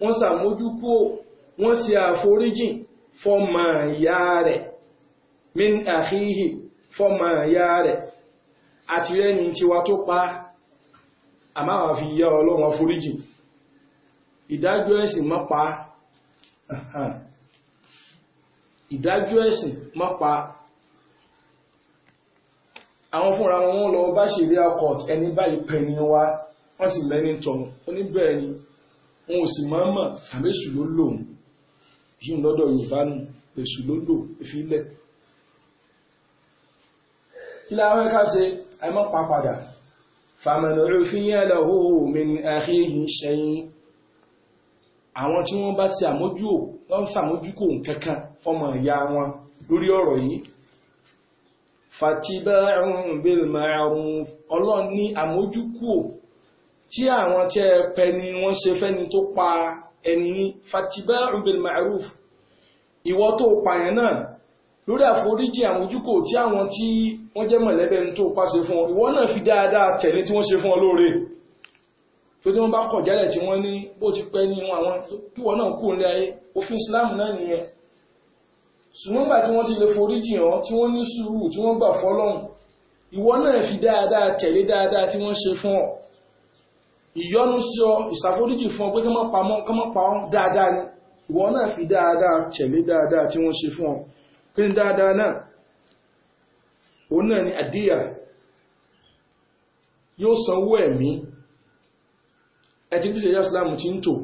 wọ́n sàmójúkú wọ́n ṣe àforíjìn fọ́mọ ìyá rẹ̀ min àhíhì fọ́mọ ìyá rẹ̀ àti rẹ́ni tiwa tó pa àmáwà fi yá ọlọ́run àforíjìn ìdájọ́ ẹ̀sìn mọ́ pa ìdájọ́ ẹ̀sìn mọ́ pa àwọn fúnra wọn lọ bá ṣe rí ọkọ̀ ẹni báyìí pẹ̀lú wa wọ́n sì lẹ́ni tọ̀hún oníbẹ̀ẹ́ni wọn ò sì máa mọ̀ àmì èṣù ló lòun yìí lọ́dọ̀ yorùbá nù èṣù ló lò ìfilẹ̀ kí láwọn ẹ̀ka ṣe àìmọ́ pàpàdà fàmìlì òfin yẹn lọ hóhó mi ní àhíhìn ṣẹyìn àwọn tí wọ́n bá ṣe àmójú wọn ṣàmójúkò kankan fọmọ ìyá wọn lórí ọ̀rọ̀ yìí fatiba'un bil ma'ruf ọlọ́run ní àmójúkò tí àwọn tí ẹ pẹ ni wọ́n ṣe fẹ́ni tó pa ẹni yín fatiba'u bil ma'ruf ìwọ tó pààyàn náà lórí àforíjì àwọn ojúkò tí àwọn tí wọ́n jẹ́ mọ̀lẹ́bẹ̀ ń tó pàṣẹ fún ọ ìwọ náà fi dáadáa tẹ̀lé tí wọ́n ṣe fún ọ tó tí wọ́n bá kọ̀ jálẹ̀ tí wọ́n ní bó ti pẹ́ nínú àwọn tí wọ́n náà kú nílé ayé òfin Islam náà nìyẹn ṣùgbọ́n tí wọ́n ti lè foríjì hàn tí wọ́n ní sùúrù tí wọ́n gbà fọ́lọ́hùn ìwọ náà fi dáadáa tẹ̀lé dáadáa tí wọ́n ṣe fún ọ ìyọnu sọ ìsàforíjì fún ọ pé kọ́mọ́ pamọ́ kọ́mọ́ pamọ́ dáadáa ni ìwọ náà fi dáadáa tẹ̀lé dáadáa tí wọ́n ṣe fún ọ kí ni dáadáa náà òun náà ni àdíyà yóò sanwó ẹ̀mí ẹ̀tí bí ṣẹ̀yà islam ti ń tò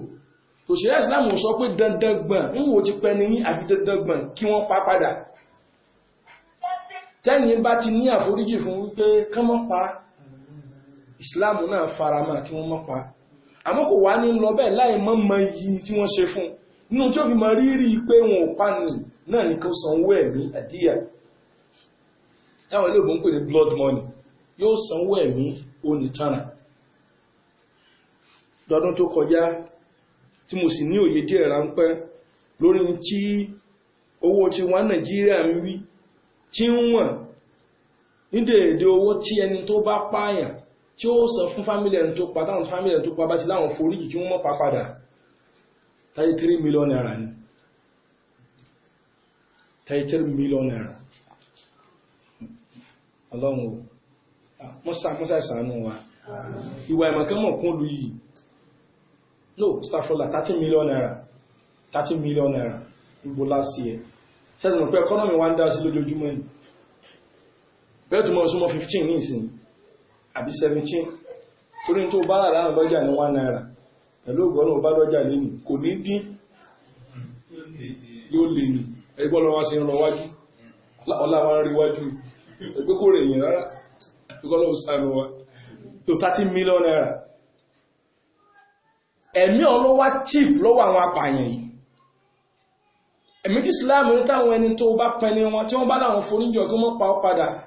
kò ṣẹ̀yà islam sọ pé dandan gbọ̀n ń wo ti pẹ́ níyìn àfi dandan gbọ̀n kí wọ́n pa padà tẹ́yìn bá ti ní àforíjì fún wípé kọ́mọ́ pa islam náà faramọ́ kí wọ́n mọ́ pa àmọ́ kò wá ní lọ bẹ́ẹ̀ láì mọ́ mọ iyì tí wọ́n ṣe fún nínú tí ó fi mọ rírì pé wọn ò pa nì náà ní kó sanwó ẹ̀mí àdíyà táwọn ilé ìbò ní blood money yóò sanwó ẹ̀mí onítànà lọ́dún tó kọjá tí mo sì ní òye díẹ̀ ráńpẹ́ lórí tí owó tí wọ́n nàìjíríà ń wí tí ń wọ̀n ní dèédé owó tí ẹni tó bá pààyàn tí ó sọ fún fámílì ẹni tó pa táwọn fámílì ẹni tó pa bá ti láwọn foríjì kí wọ́n mọ́ pa padà táyé 3 mílíọ̀n náírà ni táyé 3 mílíọ̀n náírà ọlọ́run mọ́sá ìsànú wa ìwà ìmọ̀kẹ́mọ̀ kún lu yìí no stafola 30 mílíọ̀n náírà 30 mílíọ̀n náírà gbogbo láti ẹ̀ sẹ́sìn mọ̀ pé ẹkọ́nọ́mì wá ń dá sí lójoojúmọ́ yìí bẹ́ẹ̀ tó mọ́ súnmọ́ 15 ní ìsinmi àbí 17 torí tó bá rà láàrín lọ́jà ní 1 naira pẹ̀lú ògbọ́nà bá lọ́jà lé ní kò ní dín yóò lè ní ẹgbọ́n lọ́wọ́ sí ìran wájú ọláwọ́ rí wájú ẹgbẹ́ kò rẹ̀ yìn rárá ẹgbọ́n lọ́wọ́ sáré wa tó naira ẹ̀mí ọlọ́wà chief lọ́wọ́ àwọn apààyàn yìí ẹ̀mí kí Islam ní táwọn ẹni tó bá pẹni wọn tí wọ́n bá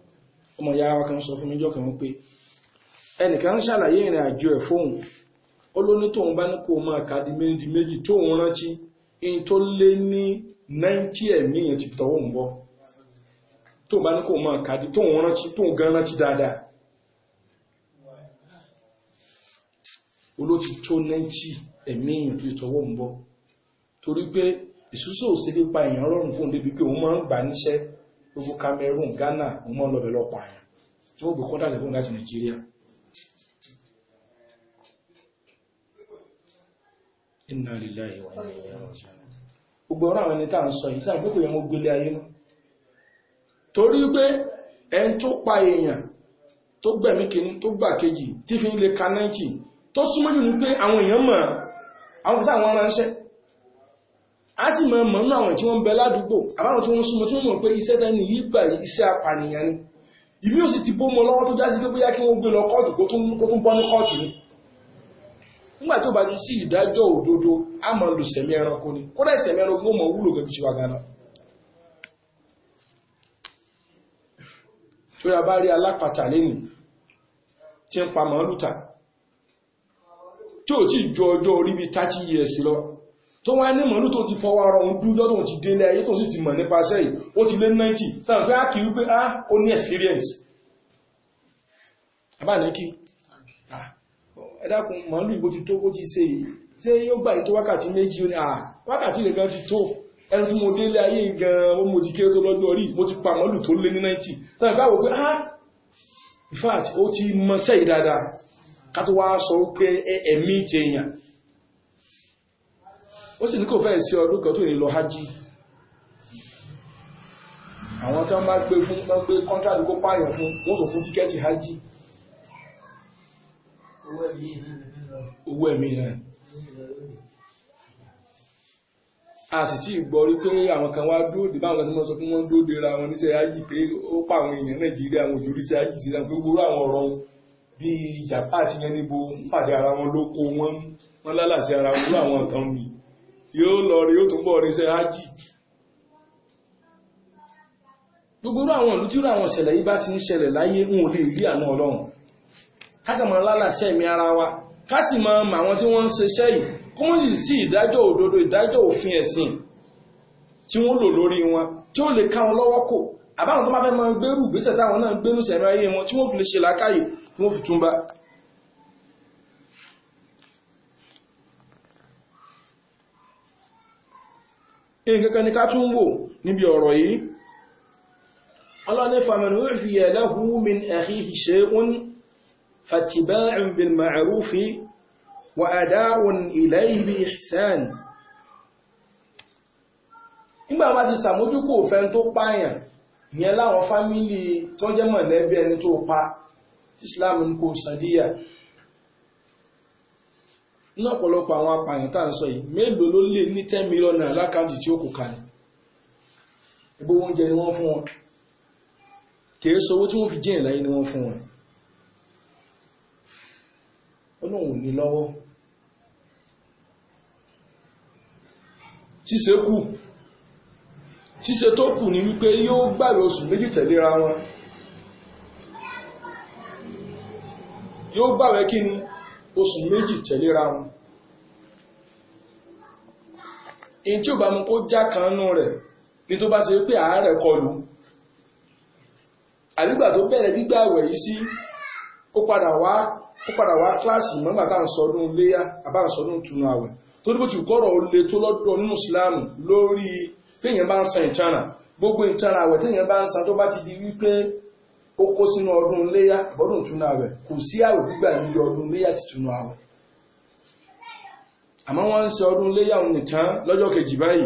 ọmọ ìyá wa kan sọ fún mi jọ́ kan pé ẹnìkan ṣàlàyé ìrìn àjò ẹ̀ fóun ó ló ní tóun bá ní kó máa kà di méjì di méjì tóun rántí in tó lé ní náìtì ẹ̀mí yẹn ti tọwọ́ ń bọ̀ tóun bá ní kó máa kà di tóun rántí tóun gan rántí dáadáa olóti tó náìtì ẹ̀mí yẹn ti tọwọ́ ń bọ̀ torí pé ìṣúṣọ́ òṣèlépa èèyàn rọrùn fún un débi pé òun máa ń gbà níṣẹ́ gbogbo Cameroon Ghana wọ́n mọ́ lọ́bẹ̀ lọ́pọ̀ àyàn tí ó gbé kọ́dà Nigeria ẹni tàà ń sọ sáà gbogbo ẹmọ gbélé ayé mọ́ torí pé ẹn tó pa èèyàn tó gbẹ̀mí kìíní tó gbà kejì fi ka 90 tó súnmọ́ jù pé àwọn èèyàn mọ̀ àwọn ránṣẹ́ a sì máa mọ̀ nínú àwọn tí wọ́n ń bẹ ládùúgbò àbáwọn tí wọ́n ń tí wọ́n mọ̀ pé iṣẹ́ tẹ́ni yìí gbà iṣẹ́ apànìyàn ni ìbí ò sì ti bó mọ lọ́wọ́ tó já sí pé bóyá kí wọ́n gbé lọ kóòtù kó tún bọ́ ní kóòtù ni nígbà tó bá ti sí ìdájọ́ òdodo a máa lò sẹ̀mí ẹranko ni kódà ìsẹ̀mí ẹranko ó mọ wúlò gẹ́gẹ́ ti wà gánà torí a bá rí alápàtà lẹ́nìí tí ń pa màálùtà tí ò tí ju ọjọ́ orí bíi 30 years lọ tó wá ní mọ̀lú tó ti fọwọ́ ọ̀rọ̀ òun dúdọ́ tó ti délé ayé tó sì ti mọ̀ nípa sẹ́yìn ó ti lé 90 sáà pé á kìí pé á ah, ó ní experience àbáníkí ah, ẹ̀dàkùn mọ̀lú ìbò ti tó ó ti ṣe ṣe yóò gbà ní tó wákàtí méjì ó ní à ah, wákàtí rẹ̀ gan ti tó ẹni tí mo délé ayé gan ó mo ti kéré tó lọ́jọ́ orí mo ti pa mọ̀lú mọ̀ ó sì ní kò fẹ́ sí ọdún kan tó ní lọ hajj àwọn tó máa gbé fún tó gbé kọ́ńtàdì kó pààyàn fún wọ́n tó fún tíkẹ́ẹ̀tì hajj owó ẹ̀mí rẹ̀ a sì tí gbọ́ rí pé àwọn kan wá dóòdì báwọn kan tí wọ́n sọ fún wọn dóòdì ra wọn níṣẹ́ hajj pé ó pa àwọn èèyàn nàìjíríà àwọn òjòrí sí hajj sí náà pé gbogbo àwọn ọ̀rọ̀ bíi ìjàpá àti yẹn níbo ń pàdé ara wọn lóko wọn lálàsí ara wọn àwọn nǹkan mi yóò lọ rí ó tún bọ̀ rí sẹ́ ájì gbogbo àwọn ìlú tí ó àwọn ìṣẹ̀lẹ̀ yìí bá ti ń ṣẹlẹ̀ láyé wọn ò lè rí àánú ọlọ́run kákàmọ́ lálàṣẹ́ ẹ̀mí ara wa ká sì mọ àwọn tí wọ́n ń ṣeṣẹ́ yìí kó wọ́n sì sí ìdájọ́ òdodo ìdájọ́ òfin ẹ̀sìn tí wọ́n lò lórí wọn tí ó lè ká wọn lọ́wọ́ kò àbáwọn tó bá fẹ́ mọ gbérù ìgbésẹ̀ táwọn náà gbénú sẹ̀mí ayé wọn tí wọ́n fi lè ṣe làákàyè tí wọ́n fi túnbá nǹkankan ni ká tún wò níbi ọ̀rọ̀ yìí ọlọ́ni faman ufiya lahu min akhihi shay'un fattiba'un bil ma'rufi wa ada'un ilayhi bi ihsan nígbà bá ti sàmójúkò fẹ́ tó pààyàn yẹn láwọn fámílì tó jẹ́ tó pa Islam ń kó sàdíyà ní ọ̀pọ̀lọpọ̀ àwọn apààyàn tá à ń sọ yìí mélòó ló lé ní ten million naira lákàntì tí ó kù kalẹ̀ ìbò oúnjẹ ni wọ́n fún wọn kìí sọ owó tí wọ́n fi jẹ́ ìláyé ni wọ́n fún wọn ọlọ́run ní lọ́wọ́ ṣíṣe kù ṣíṣe tó kù ní wípé yóò gbàgbé oṣù méjì tẹ̀léra wọn yóò gbàgbé kí ni oṣù méjì tẹ̀léra wọn èyí tí ò bá mú kó já kan nú rẹ̀ ní tó bá ṣe pé àárẹ̀ kọlù àbígbà tó bẹ̀rẹ̀ gbígbà ẹ̀wẹ̀ yìí sí ó padà wá kíláàsì mọ́gbà tá à ń sọdún léyà àbá à ń sọdún túnú àwẹ̀ tó dúpọ̀ tí kọ́rọ̀ ó le tó lọ́dọ̀ nínú ìsìláàmù lórí téèyàn bá ń san ìtanà gbogbo ìtanà àwẹ̀ téèyàn bá ń san tó bá ti di wípé ó kó sínú ọdún léyà bọ́dún túnú àwẹ̀ kò sí àwẹ̀ gbígbà níbi ti túnú àmọ́ wọ́n ń ṣe ọdún léyà òun lọ́jọ́ kejì báyìí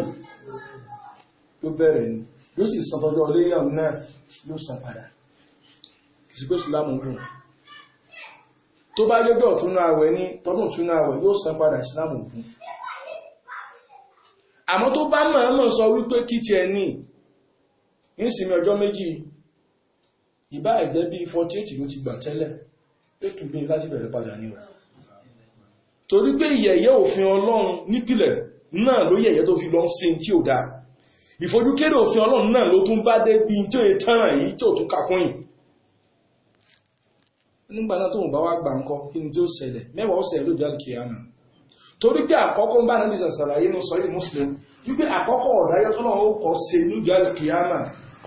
bẹ̀rẹ̀ ni yóò sì san tọjọ́ léyà òun náà yóò san padà kì sí pé ìsìlámù dùn tó bá jẹ́jọ́ túnú àwẹ̀ ní tọdún san padà àmọ́ tó bá mọ̀ sọ wípé kí ti ẹ̀ ní ìsinmi ìbá ẹ̀jẹ́ bí 48 ló ti gbà tẹ́lẹ̀ yóò tún gbé e láti bẹ̀rẹ̀ padà ní o torí pé ìyẹ̀yẹ́ òfin ọlọ́run nípìlẹ̀ náà ló yẹ̀yẹ́ tó fi lọ ń ṣe tí ò dáa ìfojúkéré òfin ọlọ́run náà ló tún bá dé bí tí ó yẹ tánràn yìí tí ò tún kakúnyìn nígbà náà tóun bá wá gbà ń kọ kí ni tí ó ṣẹlẹ̀ mẹ́wàá ó ṣẹlẹ̀ lójú àkíyàmà torí pé àkọ́kọ́ ń bá nàbìsàn sàlàyé ní sọ́yìn mùsùlùmí wípé àkọ́kọ́ ọ̀dáyọ́ tó náà ó kọ́ ṣe lójú àkíyàmà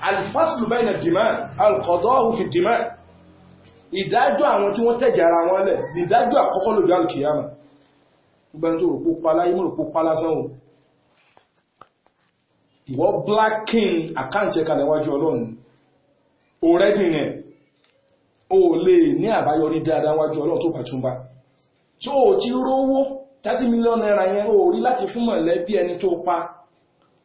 alifásílù bẹ́ẹ̀nà dìmá alkọ̀dọ́hù fi dìmá ìdájọ́ àwọn tí wọ́n tẹ̀jẹ̀ ara wọn lẹ̀ ìdájọ́ àkọ́kọ́ lójú alkiyama gbẹ́ntò òpó pálá imú òpó pálá sánwò ìwọ́ blacking àkáǹtì ẹ̀ka lẹ́wájú ọlọ́run òrẹ́dì yẹn o lè ní àbáyọrí dáadáa wájú ọlọ́run tó pàtúmbá tó o ti rówó 30 mílíọ̀nù náírà yẹn o rí láti fún mọ̀lẹ́bí ẹni tó pa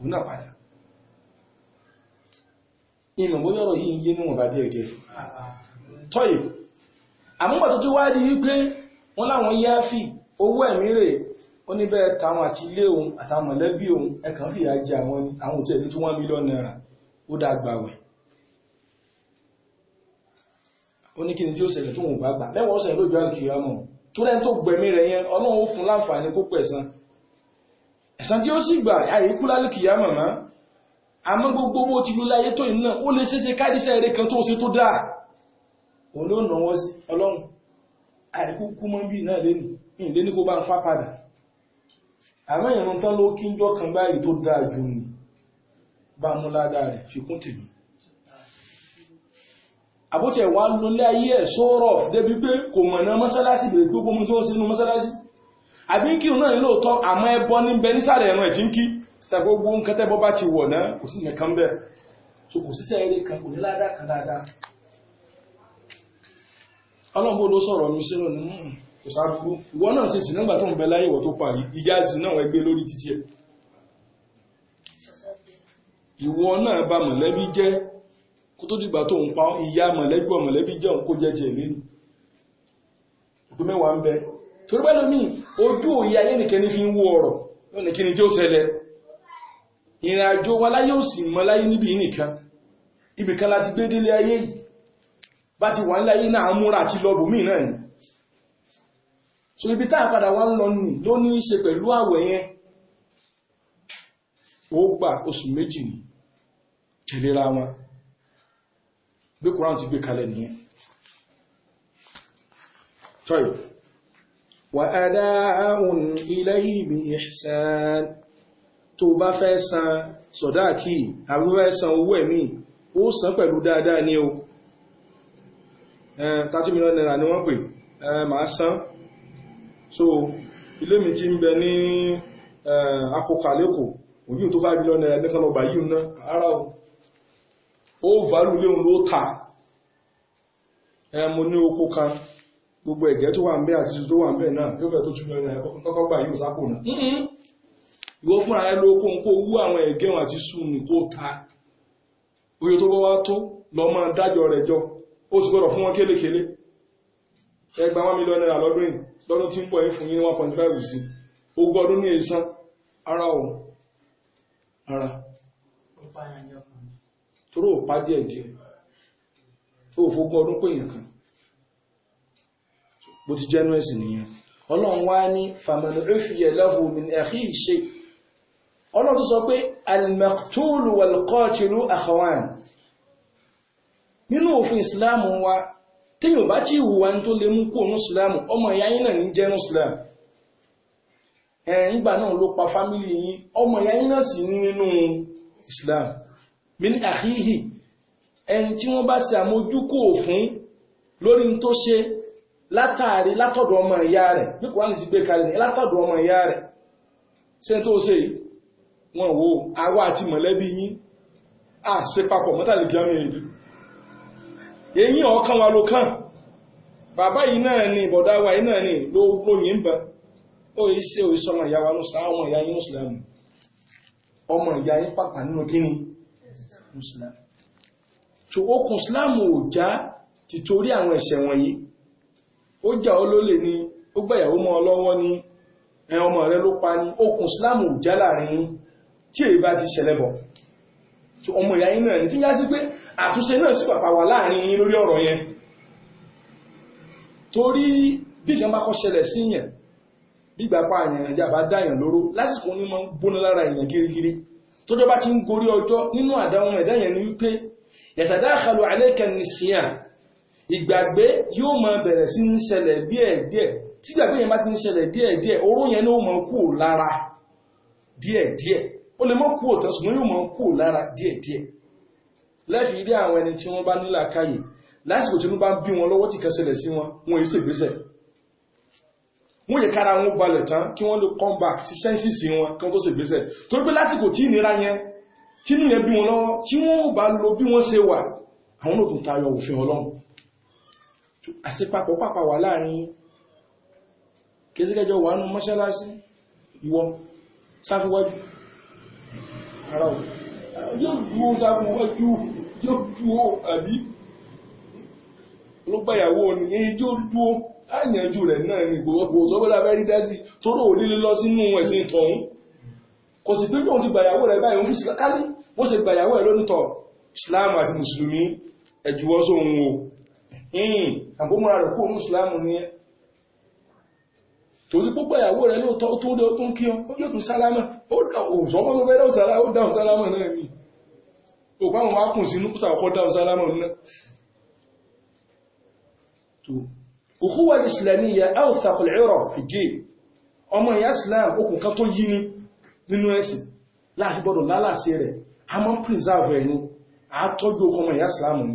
òun náà padà ìmọ̀ bóyá ọ̀rọ̀ yìí yé níwọ̀n bá díẹ̀ díẹ̀ tọ́yì àmúgbà tó tó wá di wípé wọ́n láwọn yá fi owó ẹ̀mí rẹ̀ ó ní bẹ́ẹ̀ táwọn àti ilé òun àtàwọn mọ̀lẹ́bí òun ẹ̀kan fìyà jẹ àwọn àwọn òtẹ́ẹ̀lú tó wọ́n mílíọ̀nù náírà ó dá gbàwẹ̀ ó o kíni tí ó ṣẹlẹ̀ tó wọ́n bá gbà lẹ́wọ̀n ó ṣẹlẹ̀ lójú àkìyàmọ̀ tó rẹ́ tó gbẹ̀mí rẹ̀ yẹn ọlọ́run ó fún láǹfààní kó pẹ̀sán ẹ̀san tí ó sì gbà àyíkú lálùkìyà màmá àmọ́ gbogbo owó ti ló láyé tó ìná ó lè ṣeéṣe káàdìsẹ́ eré kan tó ṣe tó dáa òun ló nà wọ́n sí ọlọ́run àyíkú kú mọ́ bí náà lẹ́nu ìlé ní kó bá ń fá padà àmọ́ ìrun tán ló kíjọ́ kan báyìí tó àbí kí òun náà lóòótọ́ àmọ́ ẹbọ ní bẹ nísàlẹ̀ ẹ̀rùn ẹ̀jí ń kí sàgbogbo nǹkan tẹ́bọ́ bá ti wọ̀ náà kò sí nǹkan bẹ́ẹ̀ so kò síṣẹ́ eré kan kò ní ládàá kan dáadáa ọlọ́gbọ́ ló sọ̀rọ̀ ní sínú ní hmm, kò sáàbùkú ìwọ náà sì sí nígbà tó ń bẹ láyé torí pẹ́lú míì ojú òye ayé nìkẹ́ ní fi ń wo ọ̀rọ̀ lọ́nà kí ni tí ó ṣẹlẹ̀ ìrìn àjò wa láyé ò sì mọ́ láyé níbi nìkan ibìkan láti gbé délé ayé yìí bá ti wà níláyé náà múra àti lọ́bù míì náà so ibi táà padà wá ń lọ nì ló ní í ṣe pẹ̀lú àwẹ̀ yẹn وأداء إليه بإحسان tó bá fẹ́ san sọ̀dáàkì àwíwẹ́ san owó emi o san pẹ̀lú dáadáa ní o 30 million naira ni wọ́n pè ma san so ilé mi ti ń bẹ ní akọkà lẹ́kọ̀ọ́ òyìn tó 5 million naira nìkan lọ bàyí ná ara o ó valú léun ló ta mo ní oko kan gbogbo ẹ̀gẹ́ tó wà ń bẹ àti tó wà ń bẹ náà yóò fẹ́ tó túnbọ̀ ẹ̀nà kọ́kọ́ gbà yóò sápò náà mm-hmm. ìwọ fúnra kó wú oye tó lọ máa rẹ̀ jọ ó sì gbọ́dọ̀ fún wọn wọn mílíọ̀nù náírà one point sí ogún ọdún ní ara ò ara tó rò pa díẹ̀ díẹ̀ tó ọdún pé bó ti jẹ́nu ẹ̀sìn nìyẹn ọlọ́run wá ní famanu ufiya lahu min akhihi shay ọlọ́run tó sọ pé al-maqtul wal-qatil akhawan nínú òfin islam wa téèyàn bá tí ìwùwà ní tó lè mú kó ní islam ọmọ ìyá yín náà ní jẹ́nu lórí tó ṣe látàrí látọ̀dọ̀ ọmọ ìyá rẹ̀ bí kò wá ní ti gbé kalẹ̀ ní látọ̀dọ̀ ọmọ ìyá rẹ̀ ṣe tó ṣe wọn wo àwa àti mọ̀lẹ́bí yín à ṣe papọ̀ mọ́tàlì gíọ́mì ìlú èyí ọ̀kan wa ló kàn bàbá yìí náà ni bọ̀dá wa yìí náà ni ló lóyìn bá ó yìí ṣe òyìí sọmọ ìyá wa lọ́sàn ọmọ ìyá yín mùsùlùmí ọmọ ìyá yín pàpà nínú kíni mùsùlùmí tó okùn islam ò já tìtorí àwọn ẹ̀ṣẹ̀ wọ̀nyí ó jà ó lólè ni ó gbà ìyàwó mọ́ ọ lọ́wọ́ ni ẹ̀yàn ọmọ rẹ ló pa ni okùn sílámù já láàrin tí èyí bá ti ṣẹlẹ̀ bọ̀ ọmọ ìyá yín náà ní tí yá sí pé àtúnṣe náà sì pàpà wà láàrin yín lórí ọ̀rọ̀ yẹn torí bí ìjọba kọ́ ṣẹlẹ̀ sí yẹn gbígbà pa àyàn ìjà bá dáyàn lóró lásìkò ní máa ń gbóná lára èèyàn gírígírí tọ́jọ́ bá ti ń gorí ọjọ́ nínú àdáwọn ẹ̀dá ni wípé yàtàdá àkàlù àlẹ́kẹ̀ síyàn ìgbàgbé yóò máa bẹ̀rẹ̀ sí ń ṣẹlẹ̀ díẹ̀díẹ̀ tí ìgbàgbé yẹn bá ti ń ṣẹlẹ̀ díẹ̀díẹ̀ oró yẹn ló máa kú lára díẹ̀díẹ̀ ó lè mọ́ kú òtán ṣùgbọ́n yóò máa kú lára díẹ̀díẹ̀ lẹ́fì rí àwọn ẹni tí wọ́n bá nílà káyè lásìkò tí wọ́n bá bí wọn lọ́wọ́ tí kan ṣẹlẹ̀ sí wọn wọn èyí ṣègbésẹ̀ wọ́n yẹ kára wọn balẹ̀ tán kí wọ́n lè come back sí sẹ́ńsìsì wọn kan tó ṣègbésẹ̀ torí pé lásìkò tí ìnira yẹn tí nìyẹn bí wọn lọ́wọ́ tí wọ́n bá lo bí wọ́n ṣe wà àwọn òkùn tayọ òfin ọlọ́run àṣepapọ̀ pàpà wà láàrin kẹsíkẹjọ wà nù mọ́ṣálásí ìwọ sáfíwájú ara ò yóò dúó sáfíwájú yóò dúó àbí olóbáyàwó ni èyí yóò dúó áyànjú rẹ̀ náà ni gbogbo ọ̀sọ́gbọ́lá fẹ́ rí dásí tóró ò lọ sínú ẹ̀sìn tọ̀hún kò sì pé lóun ti gbàyàwó rẹ̀ báyìí fún sílákálí bó ṣe gbàyàwó rẹ̀ lónìtọ̀ Islam àti Mùsùlùmí ẹ̀jùwọ́sọ̀ òun o ìyìn àbúmọ́ra rẹ̀ kó mùsùlámù ní ẹ torí púpọ̀ ìyàwó rẹ̀ lóòtọ́ tó dé ó tún kí ọ ó yóò tún sálámà ó sọ́mọ́ tó fẹ́ dáhùn sálámà ó dáhùn sálámà náà ní òpá wọn wá kùn sínú sàkọ́ dáhùn sálámà náà òkúwà ìsìlẹ̀míyà áùsàkùl ẹ̀rọ fìdí ọmọ ìyá islam okùn kan tó yí ní nínú ẹ̀sìn láti gbọ́dọ̀ lálàsí rẹ̀ a mọ́ preserve ẹni àátọ́jú ọmọ ìyá islam ni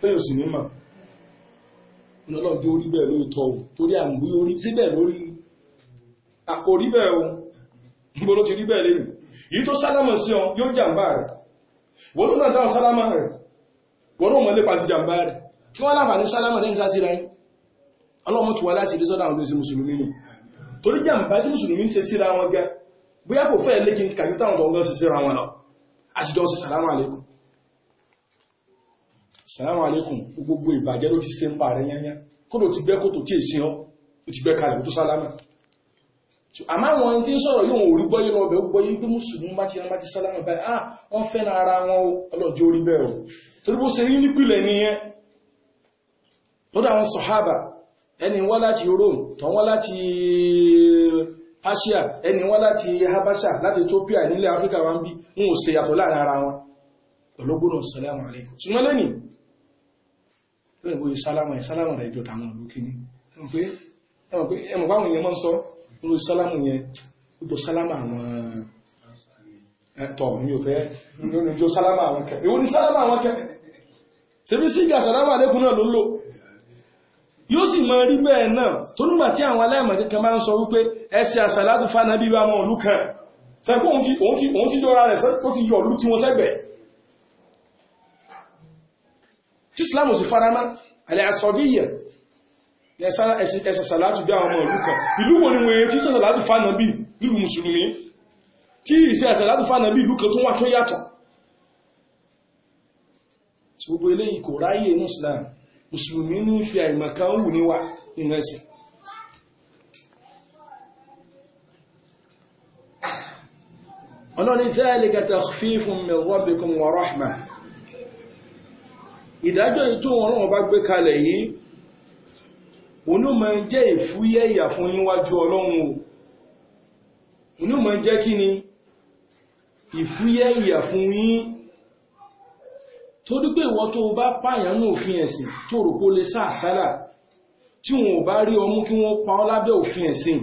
fẹ́yìn òsì mímọ̀ lọ́lọ́dún orí bẹ́ẹ̀ lóòótọ́ o torí àmúrí orí síbẹ̀ lórí àkórí bẹ́ẹ̀ o níbo ló ti rí bẹ́ẹ̀ lẹ́yìn èyí tó sálámọ̀ sí ọ yóò jàǹbá rẹ̀ wọ́n ló náà dáhùn sálámà rẹ̀ wọ́n ló mọ̀ nípa ti rẹ̀ kí wọ́n láǹfààní sálámà lẹ́yìn sásí ni torí jàǹbá tí mùsùlùmí ń ṣe síra wọn gẹ́ bóyá kò fẹ́ lé kí n kàjú táwọn ọ̀gọ́ sí síra wọn lọ àṣìjọ́ sàlámù alékùn gbogbo ìbàjẹ́ ló ti ṣe ń bà rẹ yányá kódò ti gbẹ́ kòtò tí èsì ọ́ ó ti gbẹ́ kalẹ̀ tó sálámà àmá wọn tí ń sọ̀rọ̀ yóò orí gbọ́yé lọ bẹ̀ gbọ́yé pé mùsùlùmí bá ti rámbá ti sálámà báyìí ah wọ́n fẹ́ na ara wọn ọlọ́jọ́ orí bẹ̀rọ torí bó ṣe rí nípìlẹ̀ nìyẹn lọ́dọ̀ àwọn sọ̀hábà ẹni wá láti Rome tán wá láti Ethiopia nílẹ̀ Áfíríkà wọn bí wọn ò ṣe yàtọ̀ láàrin ara wọn ọlọ́gbọ́nà sàlámù àlẹ́kùn lórí bó ṣe sálámà ẹ̀ sálámà rẹ̀ jọ tàwọn ìlú kíní ẹmọ̀ báwọn èèyàn mọ́ ń sọ lórí sálámà yẹn gbogbo sálámà àwọn ẹ̀tọ́ ní òfẹ́ lórí jọ sálámà àwọn kẹ èwo ni sálámà àwọn kẹ ṣebí sí ìgbà sálámà àdékùn náà ló lò yóò sì mọ rí bẹ́ẹ̀ náà tó nígbà tí àwọn aláìmọ̀ kankan máa ń sọ wípé ẹsẹ̀ àsàlátù fánàbí bá mọ̀ òlú kan sẹ́kọ̀ òun ti dọ́ra rẹ̀ ó ti yọ̀ òlú tí wọ́n sẹ́gbẹ̀ẹ́ tí islam sì farama alẹ́ asọ́bíyẹ̀ ẹ̀sẹ̀ sàlátù bí àwọn ọmọ ìlú kan ìlú wo ni wọ́n tí sàlátù fánà bí ìlú mùsùlùmí tí ìsẹ̀ sàlátù fánà bí ìlú kan tó wà tó yàtọ̀ tí gbogbo ilé ikò ráyè ní islam mùsùlùmí ní fi àìmọ̀kan wù níwà nínú ẹ̀sìn ọlọ́ni thalika takhfifun min rabbikum wa ìdájọ́ ètò ọlọ́run bá gbé kalẹ̀ yìí onímọ̀ jẹ́ ìfúyẹ́ ìyà fún yíwájú ọlọ́run o onímọ̀ jẹ́ kí ni ìfúyẹ́ ìyà fún yín tó dípé ìwọ tó bá pààyàn ní òfin ẹ̀sìn tó rò kó lè sáàsálà tí wọn bá rí ọmú kí wọ́n pa ọ́ lábẹ́ òfin ẹ̀sìn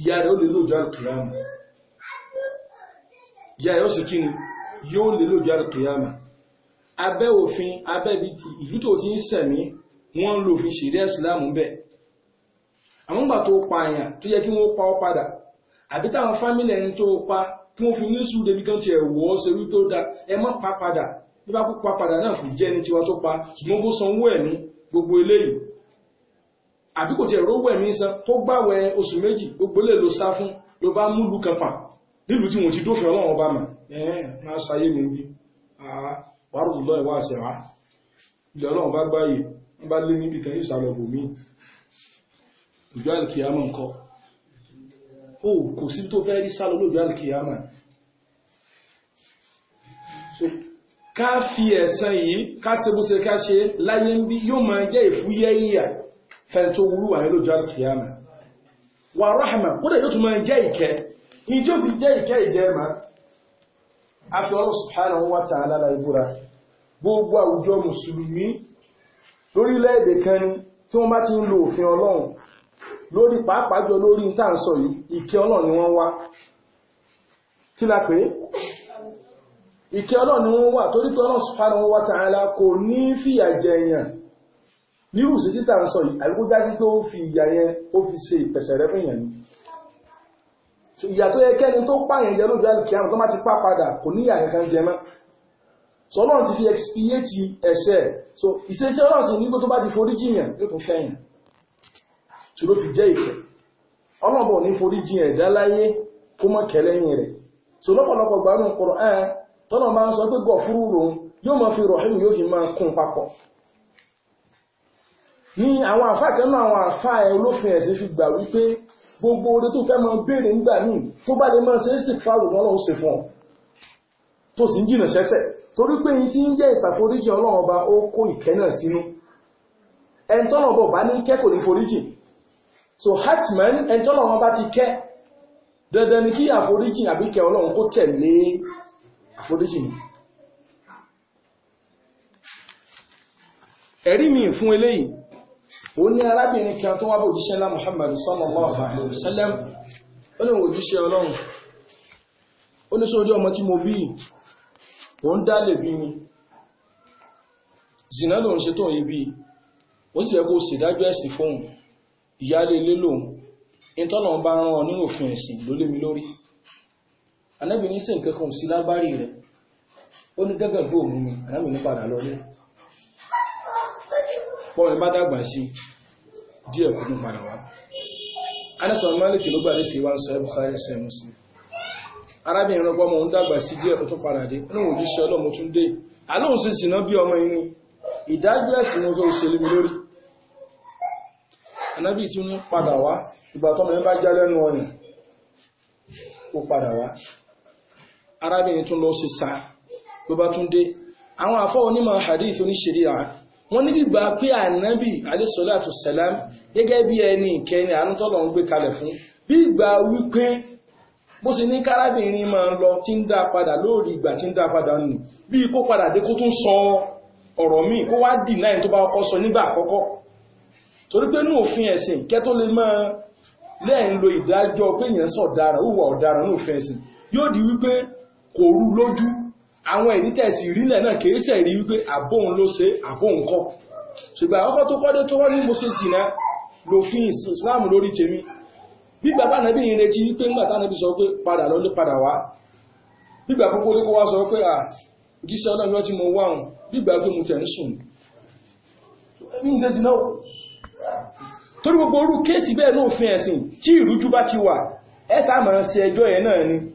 ìyà rẹ̀ ó lè lójú alkiyama ìyà rẹ̀ ó sì kí ni yóò lè lójú alkiyama abẹ́ òfin abẹ́bi ti ìlú tó ti ń sẹ̀mí wọ́n ń lo òfin ṣẹ̀ríà ìsìláàmù bẹ́ẹ̀ àwọn ìgbà tó pa àyàn tó yẹ kí wọ́n pa ọ́ padà àbí táwọn fámìlì ẹni tó pa kí wọ́n fi ní sùúrù débi kan tiẹ̀ wọ́ ṣe wí tó da ẹ má pa padà bí bá kú pa padà náà kò jẹ́ ẹni tiwa tó pa ṣùgbọ́n bó sanwó ẹ̀mí gbogbo eléyìí àbí kò tiẹ̀ rówó ẹ̀mí san kó gbàwẹ̀ oṣù méjì gbogbo eléyìí ló sá fún ló bá múlù kan pa nílùú tí wọ́n ti dófin ọlọ́run ọba mà ẹ̀ẹ́n máa ṣayé mi bí ah, wàrùn lọ àṣẹ̀wá ilẹ̀ ọlọ́run bá gbáyé ń bá lé níbi kan ìsàlọ̀ bòmí ìjọ alkiyama ń kọ́ kò sí tó fẹ́ alkiyama ká fi ẹ̀san yìí ká ṣe bó ṣe ká ṣe láyé ń bí yóò máa jẹ́ ìfúyẹ́ ìyà fẹ́ wúrú wà alkiyama yóò afi ọlọ́run subhanahu wa ta'ala la ìbúra gbogbo àwùjọ mùsùlùmí lórílẹ̀-èdè kan ni tí wọ́n bá ti ń lo òfin ọlọ́run lórí pàápàá jọ lórí ń tàà sọ yìí ìkẹ́ ọlọ́run ni wọ́n wá kí la pé ìkẹ́ ọlọ́run ni wọ́n wà torí pé ọlọ́run subhanahu wa ta'ala kò ní fìyà jẹ èèyàn nírùsí títà ń sọ yìí àbíkó já sí pé ó fi ìyà yẹn ó fi ṣe ìpẹ̀sẹ̀rẹ́ fún èèyàn ni ìyà tó yẹ kẹ́ni tó pààyàn jẹ lójú àlùkí àwọn tó má ti pá padà kò ní ìyà kankan jẹ mọ́ so ọlọ́run ti fi expiate ẹ̀ṣẹ̀ so ìṣeṣẹ́ ọlọ́run sì ní pé tó bá ti forí jìyàn yóò tún fẹ́yìn tí ló fi jẹ́ ìfẹ́ ọlọ́run ní forí jìyàn ẹ̀dá láyé kó mọ́ kẹlẹ́yìn rẹ̀ so lọ́pọ̀lọpọ̀ gbà nù kọ̀rọ̀ ẹ̀ tọ́nà máa ń sọ pé gọ̀ fúrú ròun yóò mọ̀ fi rọ̀hìmù yóò fi máa kún papọ̀ ní gbogbo oore tó fẹ́ máa béèrè nígbà míì tó bá lè máa ṣe é sì fáwọn ọlọ́run ṣe fún ọ tó sì ń jìnà sẹ́sẹ̀ torí pé yìí tí ń jẹ́ ìsàforíjì ọlọ́run ó kó ìkẹ́ náà sínú ẹ̀ntọ́nà bá ní kẹ́kọ̀ọ́ ní foríjì so hatman ẹ̀ntọ́nà ọba ti kẹ́ dandan ni kí àforíjì àbíkẹ́ ọlọ́run kó tẹ̀lé mi fún eléyìí ó ní arábìnrin kan tó wá bó jíṣẹ́ ńlá Muhammad sallallahu alaihi wasallam ó ní wò jíṣẹ́ ọlọ́run ó ní sórí ọmọ tí mo bí ò ń dálè bí mi zina lòun ṣe tóun yí bí ó sì yẹ kó ṣèdájọ́ ẹ̀sìn fóun ìyáálé ilé lòun ìtọ́nà bá rán ọ ní òfin ẹ̀sìn ló lé mi lórí anábì ní sí nǹkan sí lágbárí rẹ̀ ó ní gẹ́gẹ́ mú mi anábì ní padà lọ lé pọ́ sí i díẹ̀ kò ní padà wá anásọ̀ málìkì ló gbàdé sí wọ́n sọ ẹbùkárí sọ ẹmùsùn arábìnrin ọgbọ́ mọ̀ ń dàgbà sí díẹ̀ kò tó padà dé inú òjíṣẹ́ ọlọ́mọ tún dé alóhùn sí sínà bí ọmọ inú ìdájọ́ ẹ̀sìn ló tó ṣẹlẹ̀ mi lórí anábì tí ń padà wá ìgbà tọ́mọ ẹ bá lọ sí sá ló tún dé àwọn àfọ́ onímọ̀ hadith oníṣẹ́ríà wọ́n ní bíbá pé ànábì alẹ́sọ́láàtù sẹ́lám gẹ́gẹ́ bí ẹni ìkẹni àánútọ́lọ̀ ń gbé kalẹ̀ fún bí ìgbà wípé bó ṣe ní kárábìnrin máa ń lọ tí ń dá padà lórí ìgbà tí ń dá padà nù bí kó padà dé kó tún sọ ọ̀rọ̀ míì kó wá dì náà tó bá kọ́kọ́ sọ nígbà àkọ́kọ́ torí pé ní òfin ẹ̀sìn kẹ́ tó lè máa lẹ́ẹ̀ lo ìdájọ́ pé èèyàn sọ̀daràn hùwà ọ̀daràn ní òfin ẹ̀sìn yóò di wípé kò rú lójú àwọn ẹ̀rí tẹ̀sí ìrílẹ̀ náà kìí ṣe rí wípé àbóhun ló ṣe àbóhun kọ́ ṣùgbọ́n àwọn tó kọ́ dé tó wọ́n ní mo ṣe sìnà lòfin Islam lórí tèmi bí bàbá nàbí ìrètí wípé ńgbà tánàbí sọ pé padà lọ́lé padà wá bígbà púpọ̀ lé kó wá sọ pé à òjíṣẹ́ ọlọ́run tí mo wá hùn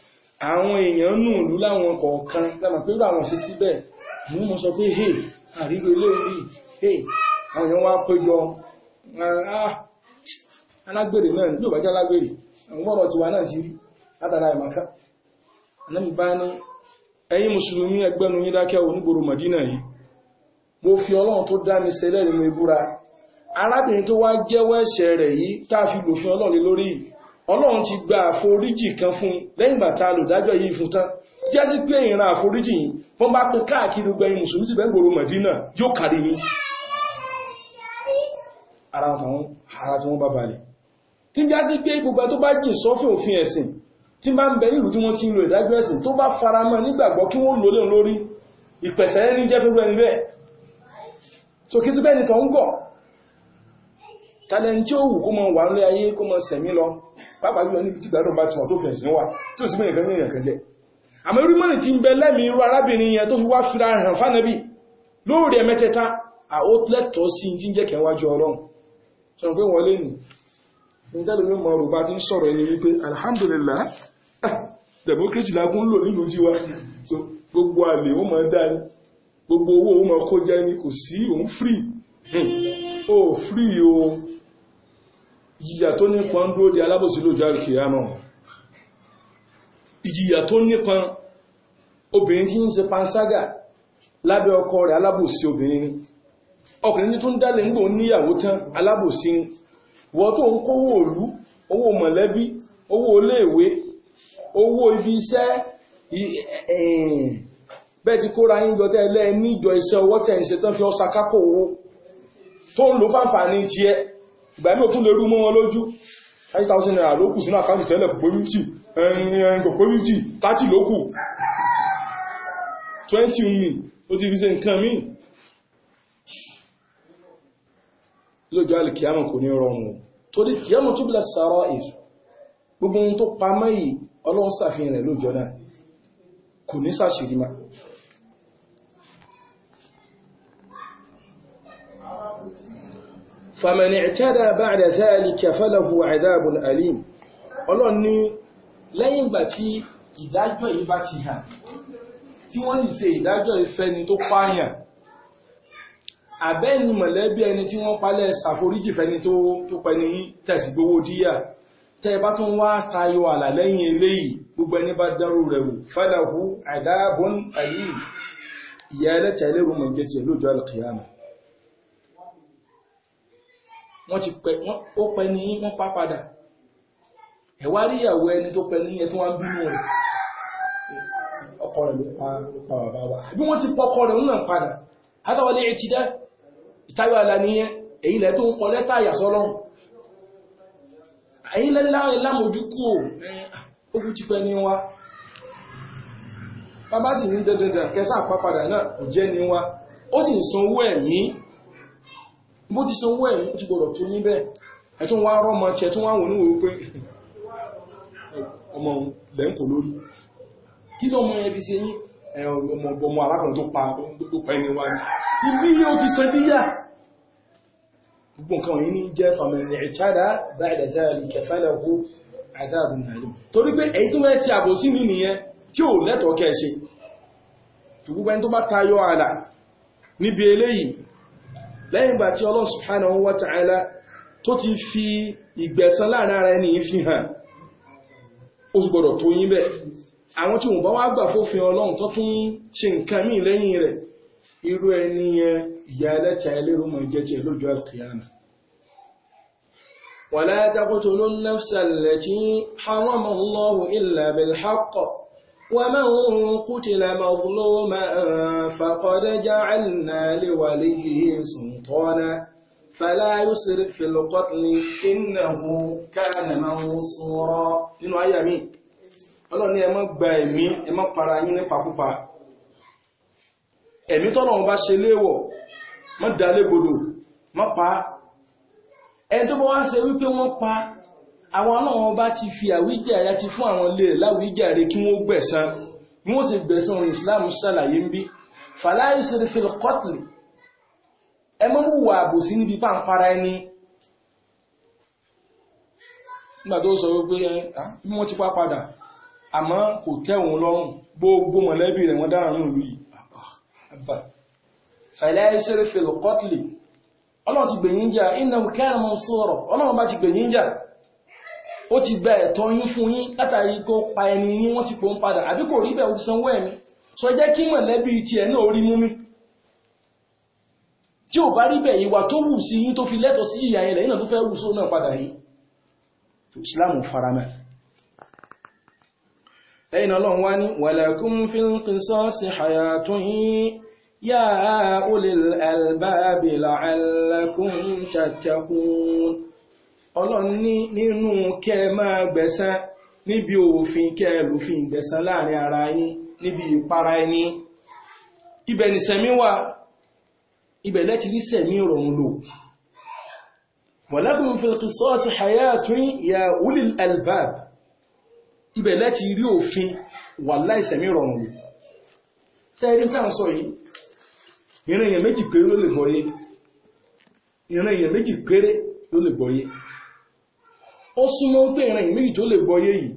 àwọn èèyàn nù lú láwọn kọ̀ọ̀kan lámà pé rú àwọn sí síbẹ̀ mú mọ́ sọ pé hey àríwé ilé hey àwọn èèyàn wá péjọ ah, alágbèrè náà ní òbájá alágbèrè àwọn bọ́rọ̀ tiwa náà ti rí látara ìmọ̀ká anábì bá ní ẹ̀yin mùsùlùmí ẹgbẹ́nu yín dákẹ́ onígboro Madina yìí mo fi ọlọ́run tó dá mi sẹ́lẹ̀ nínú ìbúra arábìnrin tó wá jẹ́wọ́ ẹ̀ṣẹ̀ rẹ̀ yìí tá a fi lòfin ọlọ́run lórí yìí ọlọ́run ti gba àforíjì kan fún lẹ́yìn bàtà lòdájọ́ yìí fún tán jẹ́ sí pé ìran àforíjì yìí wọ́n bá pín káàkiri gbẹ̀yìn mùsùlùmí ti bẹ́gbòrò mẹ̀dínà yóò kàrí ní ara tàwọn ara tí wọ́n bá balẹ̀ tí jẹ́ sí pé gbogbo tó bá jìn sọ́fẹ́ òfin ẹ̀sìn ni tọ́ ń gọ̀ tàlẹ́ni tí ó wù kó mọ wà ń lé ayé kó mọ sẹ̀mí lọ pàápàá jùlọ níbi tí gbádùn bá ti wọ́n tó fẹ̀ sí wà tó sì gbẹ̀yìn kan ní èèyàn kan jẹ́ àmọ́ irú ti ń bẹ lẹ́mìí irú arábìnrin yẹn tó fi wá fira hàn fánàbí lóòrè ẹ̀mẹ́tẹ̀ta àótlẹ́tọ̀ sí ń jíjẹ́ kẹ́ ọlọ́run sọ pé wọ́n lé nì ìjìyà tó nípọn dúró di alábòsí lójú alkiyama ìjìyà tó nípọn obìnrin tí ń ṣe panṣágà lábẹ́ ọkọ rẹ̀ alábòsí obìnrin ọkùnrin tó ń dálẹ̀ ńgbò níyàwó tán alábòsí wọ́n tó ń kówó òlú owó mọ̀lẹ́bí owó iléèwé owó ibi iṣẹ́ bẹ́ẹ̀ ti kóra yín jọ tẹ́lẹ̀ níjọ iṣẹ́ ọwọ́ ń ṣe tán fi ọ́ sakákò ìgbà mí ò tún lè rú mọ́ wọn lójú 5,000 naira ló kù sínú àkáǹtì tẹ́lẹ̀ kò pé 50 ẹ̀yìn kò pé 50 30 ló kù 20 mi ó ti fi ṣe nǹkan míì lójú alìkìyàmọ̀ kò ní rọrùn torí kìyàmọ̀ tó bílẹ̀ sàárọ̀ èsù gbogbo ohun tó pamọ́ yìí ọlọ́sàfihàn rẹ̀ lójọ́ náà kò ní sàṣìrímá فمن ẹ̀tẹ́dà بعد ذلك فله عذاب àìdáàbùn alim ọlọ́n ní lẹ́yìn ìgbà tí ìdájọ́ yìí bá ti hàn tí wọ́n lè ṣe ìdájọ́ ìfẹ́ni tó pààyàn àbẹ́ni mọ̀lẹ́bí ẹni tí wọ́n palẹ̀ ṣàforíjì fẹ́ni tó pẹni tẹ̀sìgbówó díyà tẹ́ bá tún wá tayọ àlà lẹ́yìn eléyìí gbogbo ẹni bá wọ́n ti pẹ́ ó pẹ́ ní wọ́n pa padà ẹ̀wá rí ìyàwó ẹni tó pẹ́ ní ẹtún wá ń bínú rẹ̀ ọkọ rẹ̀ ló pa bàbá wa bí wọ́n ti pọ ọkọ rẹ̀ náà padà adọ́wọlé etí dẹ́ ìtayọ̀ àlà nìyẹn èyí lẹ́ tó ń kọ lẹ́tà àyàsọ́ lọ́hùn èyí lẹ́láwọ̀ ìlàmójúkú ó kú ti pẹ́ ní wa bàbá sì ní dandandan kẹsà àpapàdà náà kò jẹ́ ní wa ó sì ń san owó ẹ̀mí bó ti sanwó ẹ̀ ó ti gbọ́dọ̀ tó níbẹ̀ ẹ̀tún wá rọ́mọ tí ẹ̀tún wá wọnú wọ́n pé ọmọ lẹ́ǹkò lórí kí lọ mọ́ ẹfi se yí ọmọ alákùnrin tó pa tó pa ẹni wá ibi yóò ti san díyà gbogbo nǹkan wọ̀nyí ní jẹ́ fàmìlì ìtàdá báyìí dáadáa kẹfàlẹ̀ ọkọ̀ àdáàbùn náà torí pé èyí tó mẹ́ sí àbòsí mi nìyẹn tí níbi eléyìí lẹ́yìn ìgbà tí Allah subhanahu wa ta'ala tó ti fi ìgbẹ̀san láàrin ara ẹni fi hàn ó sì gbọ́dọ̀ tó yín bẹ́ẹ̀ àwọn tí wọ́n bá wá gbà fófin ọlọ́run tó tún ṣe nǹkan míì lẹ́yìn rẹ̀ irú ẹni ìyà ẹlẹ́ta ẹlẹ́rú mọ̀ jẹ́jẹ́ lójú àkìyàmù ومن قتل مظلوما فقد جعلنا لوليه سلطانا فلا يسرف في القتل إنه كان منصورا nínú àyà mi ọlọ́ni ẹ má gba ẹ̀mí ẹ má para yín nípakúpa ẹ̀mí tọ́lọ̀wọ́n bá ṣe léèwọ̀ má dalé gbodò má pa ẹni tó bá wá ṣe wípé wọ́n pa àwọn ọlọ́run ọba ti fi àwíjàre ti fún àwọn ilé láwíjàre kí wọ́n gbẹ̀san wọ́n sì gbẹ̀san orin Islam ṣàlàyé ń bí fàláìsìrì filkotli ẹ mọ́ wùwà àbòsí níbi pàǹpara ẹni nígbà tó sọ wípé bí wọ́n ti pa padà àmọ́ kò tẹ́wọ̀n lọ́rùn gbogbo mọ̀lẹ́bí rẹ̀ wọ́n dáhùn lórí àbá fàláìsìrì filkotli ọlọ́run ti gbẹ̀yìn jà ọlọ́run bá ti gbẹ̀yìn jà ó ti gba ẹ̀tọ́ yín fún yín látàrí kó pa ẹni ní wọ́n ti pò ń padà àbí kò rí bẹ́ẹ̀ ó sanwó ẹ̀mí sọ jẹ́ kí mọ̀lẹ́bí tiẹ̀ náà rí mú tí ò bá rí bẹ́ẹ̀ ìwà tó wù sí yín tó fi lẹ́tọ̀ sí ìyà ọlọ́run ní nínú kẹ́ ẹ máa gbẹ̀san níbi òfin kẹ́ ẹ lòfin gbẹ̀san láàrin ara yín níbi ìpara ẹni ibẹ̀ nìsẹ̀mí wà ibẹ̀ lẹ́ti rí sẹ̀mí rọrùn lò walakum fil qisasi hayatun ya ulil albab ibẹ̀ lẹ́ti rí òfin wallahi sẹ̀mí méjì péré ló lè gbọ́yé ó súnmọ́ pé ìran ìmí ìjó lè gbọ́yé yìí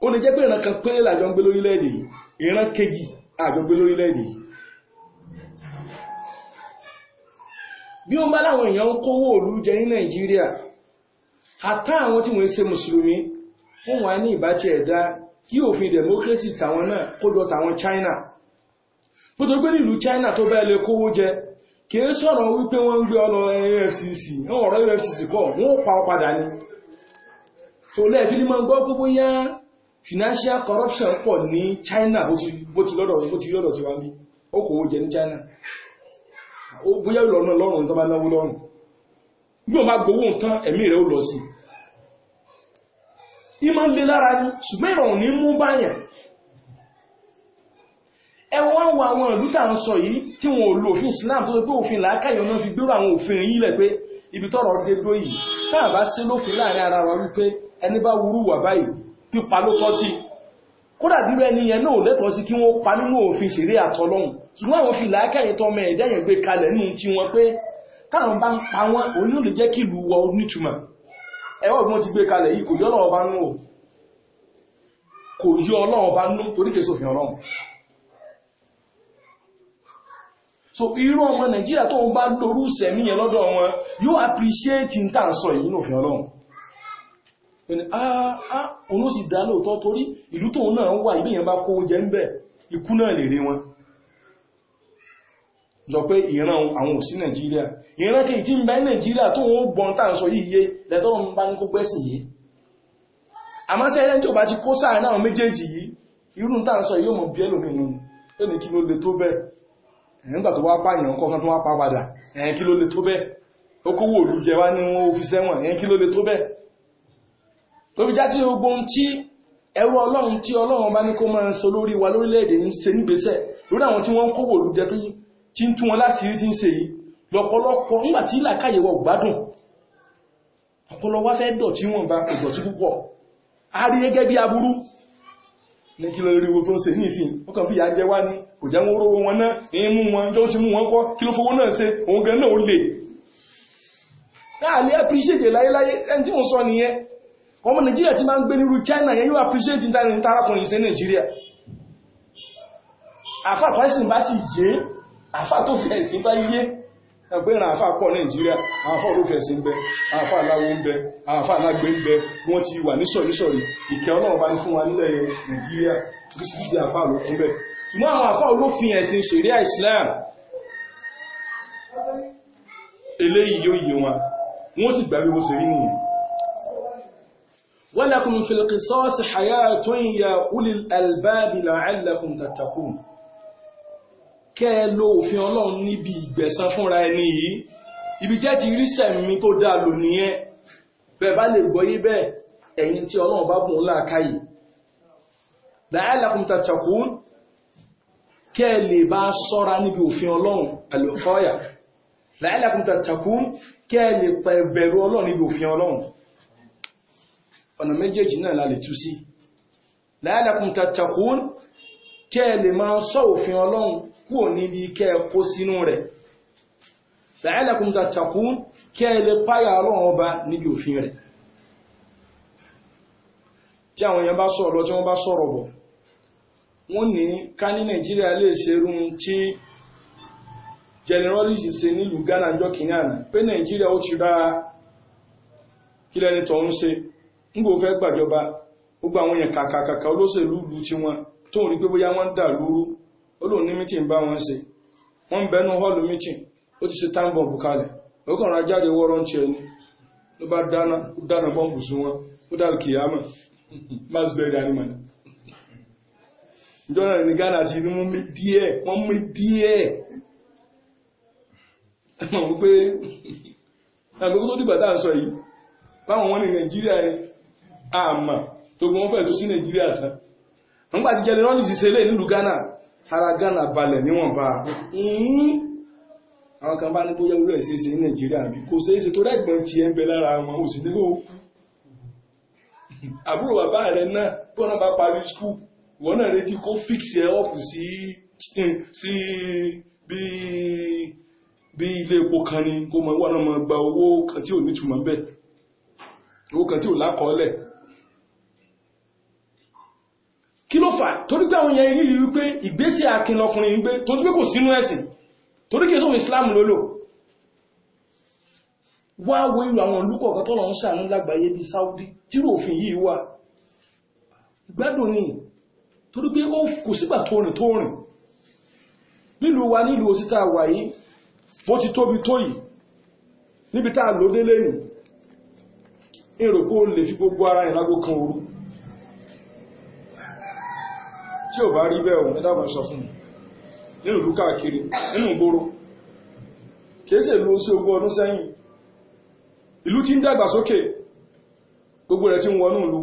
ó lè jẹ́ pé ìran kan péré làjọ ń gbé lórílẹ̀-èdè yìí ìran kejì àjọ gbé lórílẹ̀-èdè yìí bí ó bá láwọn èèyàn kówó òlú jẹ ní Nàìjíríà àtá àwọn tí wọ́n ṣe mùsùlùmí wọ́n wà ní ìbátí ẹ̀dá kí òfin democracy tàwọn náà kó tàwọn China nítorí pé nílùú China tó bẹ́ẹ̀ lè kówó jẹ kìí sọ̀rọ̀ wípé wọ́n ń gbé ọlọ AFCC wọ́n ọ̀rọ̀ AFCC kọ́ wọ́n pa ọ padà ní tó lẹ́ẹ̀fí ní máa ń gbọ́ gbogbo yá financial corruption pọ̀ ní China bó ti lọ́dọ̀ ti wá ní okòwò jẹ ní China ó bóyá ìlọ́nà lọ́rùn tó bá náwó lọ́rùn bí o máa gbowó nǹkan ẹ̀mí rẹ̀ ó lọ sí i máa ń le lára ní ṣùgbọ́n ìrọ̀rùn ní mú báyàn ẹwọ́n wọ àwọn ìlú tàà ń sọ yìí tí wọn ò lo òfin Islam tó pé òfin làákàyọ̀ náà fi gbérò àwọn òfin yìí lẹ̀ pé ibi tọ́rọ̀ dé dó yìí táà bá sí lófin láàrin ara wa wípé ẹni bá wúrú wà báyìí pípa ló tọ́ sí kódà bí ẹni yẹn náà lẹ́tọ̀ọ́ sí kí wọ́n pa nínú òfin ṣeré àtọlọ́hùn ṣùgbọ́n àwọn fi làákàyè tọmọ ẹ̀dá yẹn gbé kalẹ̀ nínú tí wọn pé táwọn bá ń pa wọn òun ló lè jẹ́ kí ìlú wọ nítumọ̀ ẹwọ́ bí wọ́n ti gbé kalẹ̀ yìí kò yọ́ ọlọ́run bá nú so irú ọmọ nàìjíríà tó ń bá lórú sẹ̀mí yẹn lọ́dọ̀ wọn yóò appreciate n tàn sọ yìí nòfin ọlọ́run ẹni àà ah, ah, òun ó sì dá lóòótọ́ torí ìlú tóun náà wà ìlú yẹn bá kó oúnjẹ ń bẹ̀ ikú náà lè rí wọn jọ pé ìran àwọn òsí nàìjíríà ìran kìí tí ń bẹ nàìjíríà tó ń gbọ́n tàn sọ yìí yé lẹ́tọ́ ń bá ní kó gbẹ́sìn yìí àmáṣẹ́ ẹlẹ́ni tí ó bá ti kó sáà náà méjèèjì yìí irú tàn sọ yóò mọ̀ bí ẹlòmínú ẹni kí ló le tó nígbà tó wá pààyàn kọ́kan tó wá pa padà ẹ̀yìn kí ló le tó bẹ́ẹ̀ okówó òlú jẹ wá ní wọn ó fi sẹ́wọ̀n ẹ̀yìn kí ló le tó bẹ́ẹ̀ tó fi já sí gbogbo ohun tí ẹrú ọlọ́run tí ọlọ́run bá ní kó máa ń sọ lórí wa lórílẹ̀-èdè ń ṣe nígbésẹ̀ lórí àwọn tí wọ́n ń kówó òlú jẹ tí ń tú wọn láṣìírí tí ń ní kò jẹ́ wọ́n rówó wọn náà èyí mú wọn jọ ti mú wọn kọ́ kí ló fowó náà ṣe òun gan náà ó lè láàlẹ́ appreciate láyéláyé ẹni tí mo sọ nìyẹn ọmọ Nàìjíríà ti máa ń gbé nírú China yẹn yóò appreciate ní tarakùnrin sí Nàìjíríà àfà tọ́sìn bá sì yé àfà tó fẹ́ sí bá yé ẹgbẹ́ ìrìn àfà pọ̀ Nàìjíríà àfà ló fẹ́ sí ń bẹ àfà aláwo ń bẹ àfà alágbé ń bẹ wọ́n ti wà nísọ̀rísọ̀rí ìkẹ́ Ọlọ́run bá ní fún wa nílẹ̀ Nàìjíríà kìsìkìsì àfà ló fún bẹ́ẹ̀ ṣùgbọ́n àwọn àfá olófin ẹ̀sìn ṣẹ̀ríà Islam eléyìí yóò yí wọn wọ́n sì gbàgbé bó ṣe rí nìyàn walakum fil qisas hayatun ya ulil albab la'allakum tattaqun kẹ́ lo òfin ọlọ́run níbi ìgbẹ̀san fúnra tó dáa tí ọlọ́run bá bùn láàkáyì la'allakum tattaqun kẹ́ ẹ lè bá sọ́ra níbi òfin ọlọ́run àlùkọ́yà láìlákùn tàtàkùn kẹ́ ẹ lè pa ẹ̀bẹ̀rù ọlọ́run níbi òfin ọlọ́run ọ̀nà méjèèjì náà la lè tú sí láìlákùn tàtàkùn kẹ́ ẹ lè máa sọ òfin ọlọ́run kúrò níbi kẹ́ ẹ kó sínú rẹ̀ láìlákùn tàtàkùn kẹ́ ẹ lè páyà wọ́n ní ká ní nàìjíríà lè ṣerú tí general ṣe nílùú ghana jọ kìíní àná pé nàìjíríà ó ti ra kí lẹ́ni tó ń ṣe nígbò fẹ́ gbàjọba gbogbo àwọn èèyàn kàkàkàkà olóṣèlú ìlú tí wọ́n tó ń rí pé bóyá wọ́n dà lúrú ó lòun ní mítìn bá wọn ṣe ń bẹnu hall mítìn ó ti ṣe kalẹ̀ ìjọba ní Ghana ti rí wọ́n mú díẹ̀ wọ́n mú díẹ̀ ẹ̀mọ̀ wípé àgbẹ̀kú tó dìgbà tá à ń sọ yìí báwọn wọn ní Nàìjíríà ni àmà tó gbọ́n wọ́n fẹ́ tó sí Nàìjíríà tán nígbà tí jẹ́lẹ̀ rọ́nì ṣiṣẹ́ lè nílùú Ghana ara Ghana balẹ̀ níwọ̀nba àwọn kan bá ní bóyá orí ẹ̀ṣẹ́ ṣe ní Nàìjíríà bí kò ṣe é ṣe tó rẹ́gbọ̀n ti ẹ̀ ń bẹ lára wọn ò sì nílò àbúrò bàbá rẹ̀ náà tó náà bá parí skúù wọ́n náà retí kó fix ẹ ọ́pù sí sí bí bí ilé epo kan ni kó mọ wọ́n náà mọ gba owó kan tí ò nítumọ̀ bẹ́ẹ̀ owó kan tí ò lákọọ́lẹ̀ kí ló fà torí pé àwọn èèyàn ìrírí wípé ìgbésẹ̀ akin lọkùnrin wípé torí pé kò sínú ẹ̀sìn torí kìí sóhun Islam lólò wá wo ìlú àwọn olùkọ̀ọ̀kan tọ́lọ̀ ń ṣàánú lágbàáyé bí Saudi tí òfin yìí wà gbádùn nìyí torí pé ó kò sígbà tó rìn tó rìn wa n'ilu òsítà wà yìí bó ti tóbi tó yìí níbi tá a gbogbo ara kan òru tí ò bá rí bẹ́ẹ̀ ohun ẹ̀dàgbọ̀n sọ fún nínú ìlú kiri nínú ìgboro kèése ló sí ogún ọdún sẹ́yìn ìlú ti ń dàgbà sókè gbogbo rẹ̀ tí ń wọnú ìlú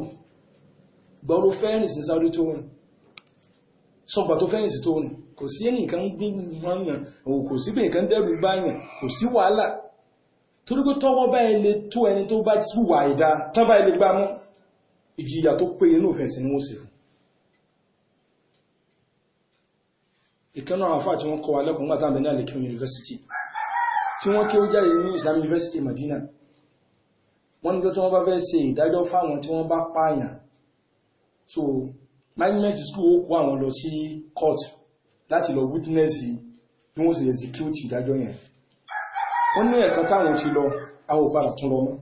gbọ́rọ̀ fẹ́ẹ̀rìn sí sáré sọgbà tó fẹ́yìn sí tó nù kò sí ẹnìkan gbìyànjú kò sí bẹ̀ẹ̀kan dẹ́rù báyàn kò sí wàhálà torí pé tọ́wọ́ bá ilé tó ẹni tó bá ti wà ìdá tọ́bá ilé gbá mú ìjìyà tó pé inú òfin sí ni wọ́n sì fún ìkẹ́nà àwọn afáà tí wọ́n kọ́ wa lẹ́kùn nígbà táàbẹ̀ ní Al-Hikma University tí wọ́n kí ó jáde ní Islam University Madina wọ́n ní tó tí wọ́n bá fẹ́ ṣe ìdájọ́ fáwọn tí wọ́n bá pààyàn so management school ó kó àwọn lọ sí court láti lọ witness bí wọ́n sì execute ìdájọ́ yẹn wọ́n ní ẹ̀kan táwọn ti lọ àwọn òpàdà tún lọ mọ́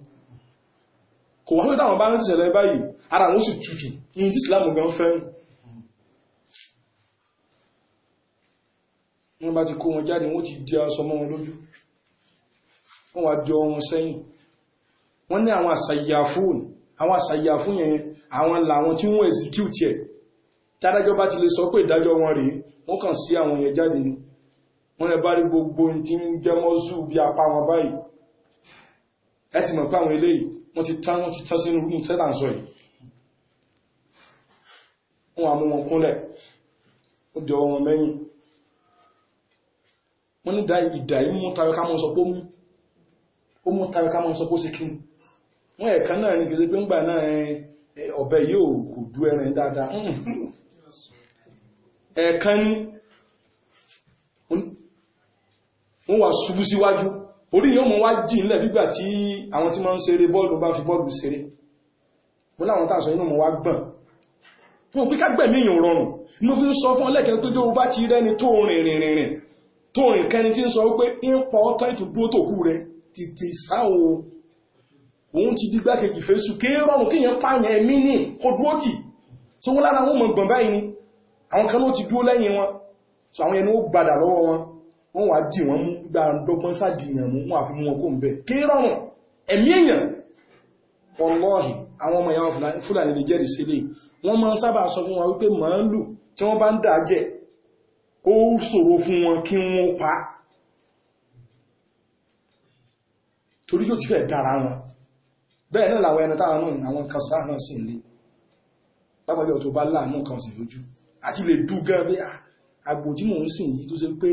kò wá tó táwọn bá ń ṣẹlẹ̀ báyìí ara wọn sì tutù ní tí Islam gan fẹ́ràn wọ́n bá ti kó wọn jáde wọ́n ti di aṣọ mọ́ wọn lójú wọ́n wá di ọrùn sẹ́yìn wọ́n ní àwọn àṣàyà fún àwọn àṣàyà fún yẹn àwọn làwọn tí wọ́n execute ẹ̀ tádájọ́ bá ti lè sọ pé ìdájọ́ wọn rèé wọ́n kàn sí àwọn yẹn jáde ni wọ́n lè bá rí gbogbo tí ń jẹmọ́ zú bí apá wọn báyìí ẹ ti mọ̀ pé àwọn eléyìí wọ́n ti tán wọ́n ti tán sínú rúùn tẹ́lá ń sọ yìí wọ́n àmú wọn kúnlẹ̀ ó dẹ ọwọ́ mẹ́yìn wọ́n ní ìdá yìí tàbí ká mọ́ sọ pé ó mú tàbí ká mọ́ sọ pé ó sì kí ẹ̀ẹ̀kan ní wọ́n wà ṣubú síwájú orí yóò mọ̀ wá jì nílẹ̀ gbígbà tí àwọn tí máa ń ṣeré bọ́ọ̀lù bá fi bọ́ọ̀lù ṣeré wọ́n láwọn tàṣọ inú mọ̀ wá gbọ̀n wọ́n pí kágbẹ̀mí èèyàn rọrùn inú fi ń sọ fún ọlẹ́kẹ̀ẹ́ pé tó bá ti rẹ́ni tó rìn rìn rìn rìn tó rìn kẹni tí ń sọ wípé ń pa ọ́tọ́ ìtùdúró tòkú àwọn kan ló ti dúó lẹ́yìn wọn so àwọn ẹnu ó gbadà lọ́wọ́ wọn wọ́n wá dì wọ́n mú gbà dọ́gbọ́n sàdìyàn mú wọ́n àfi mú wọn kó ń bẹ̀ kí rọrùn ẹ̀mí èèyàn ọlọ́ọ̀hì àwọn ọmọ ìyàwó fúlàní lè jẹ́rìí sílé wọ́n máa sábà sọ fún wa wípé màálù tí wọ́n bá ń dà jẹ ó ṣòro fún wọn kí wọ́n pa torí tó ti fẹ́ dára wọn bẹ́ẹ̀ náà làwọn ẹnu táwọn náà àwọn kan sáà náà sì ń lé lápapọ̀ tó bá láàánú kan sì lójú àti lè dù gan pé àgbò tí mò ń sìn yìí tó ṣe pé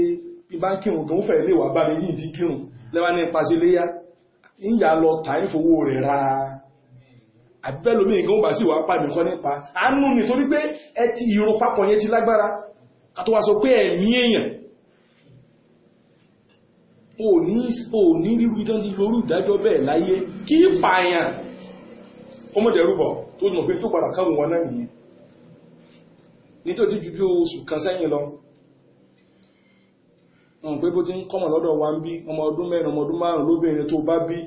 bí bá ń kírun gan ó fẹ̀rẹ̀ lè wà bá mi yìí ti kírun lẹ́wà ní ipa sí léyá ìyà lọ tà ní fowó rẹ̀ ra àbẹ́lómi nǹkan ó bá sì wà pàmì kan nípa àánú nítorí pé ẹ ti ìrò papọ̀ yẹn ti lágbára àtọ́ wa sọ pé ẹ̀mí èèyàn ò ní ríru idán ti lórú ìdájọ́ bẹ́ẹ̀ láyé kí fààyàn ọmọdé rúbọ tó nù pé tó padà káwọn wọn náà nìyẹn ní tó ti ju bí oṣù kan sẹ́yìn lọ wọn pé bó ti ń kọ́mọ̀ lọ́dọ̀ wa ń bí ọmọ ọdún mẹ́rin ọmọ ọdún márùn lóbìnrin tó bá bí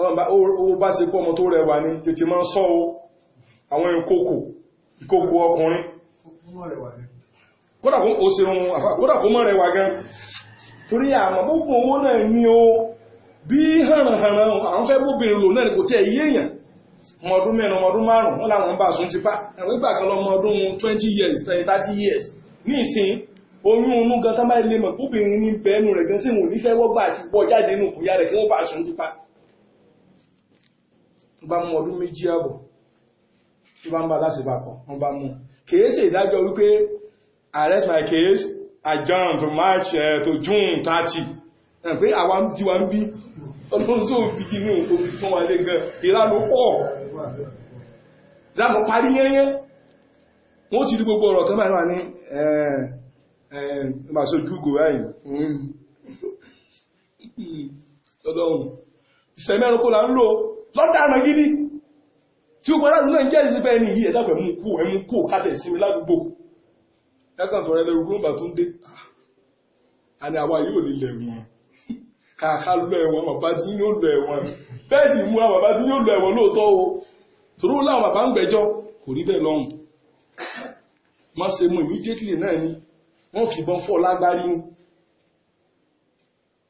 o bá ṣe kó ọmọ tó rẹwà ní tètè máa ń sọ o àwọn ìkòkò ìkòkò ọkùnrin kódà kó òṣèrun kódà kó mọ́ rẹwà gan torí àmọ́ gbogbo owó náà ní o bí hànàhànà àwọn fẹ́ bóbìnrin lò náà kò tí ẹ̀ yéèyàn ọmọ ọdún mẹ́rin ọmọ ọdún márùn ún láwọn bá sún ti bá ẹ̀wọ́n ìgbà kan lọmọ ọdún 20 years 30 years ní ìsìn oyún inú gan tán bá ilé mọ̀ kóbìnrin ní bẹ́ẹ̀nu rẹ̀ gan sí ìwò nífẹ̀ẹ́ wọ́gbà àti wọ́ jáde inú kùyà rẹ̀ kí wọ́n bá sún ti bá bá mú ọdún méjì àbọ̀ tó bá ń bá láti bá kọ̀ wọ́n bá mú kìí ṣe ìdájọ́ wípé arrest my case adjourn to March uh, to June 30 ẹ̀ pé àwa ti wá ń bí ọdún tó fi kí ní òkú fún wa lé gan ìlànà pọ̀ láàmù parí yẹ́yẹ́ wọ́n ti rí gbogbo ọ̀rọ̀ tó máa ní ẹ̀ẹ̀màṣọ júgò ráyìn lọ́dọ̀ọ̀hún ìsẹ̀mẹ́rún kó là ń lò lọ́dàánà gidi tí ó gbọ́nà náà jẹ́ ìsìnkú ẹni yìí ẹ̀dàgbẹ̀ mú kú ẹmú kú kátẹ̀ sí mi ládùúgbò ẹ̀sàntọ̀ rẹ̀ lẹ́rù gúnbà tó ń dé àni àwa yóò nílẹ̀ wọn kàkà lọ ẹ̀wọ̀n bàbá tí yóò lọ bẹ́ẹ̀ sì mú àwọn bàbá tí yóò lọ ẹ̀wọ̀n lóòótọ́ o torí ó láwọn bàbá ń gbẹ́jọ́ kò rí bẹ́ẹ̀ lọ́hùn má ṣe mú immediately náà ni wọ́n fìbọn fọ́ lágbárí ni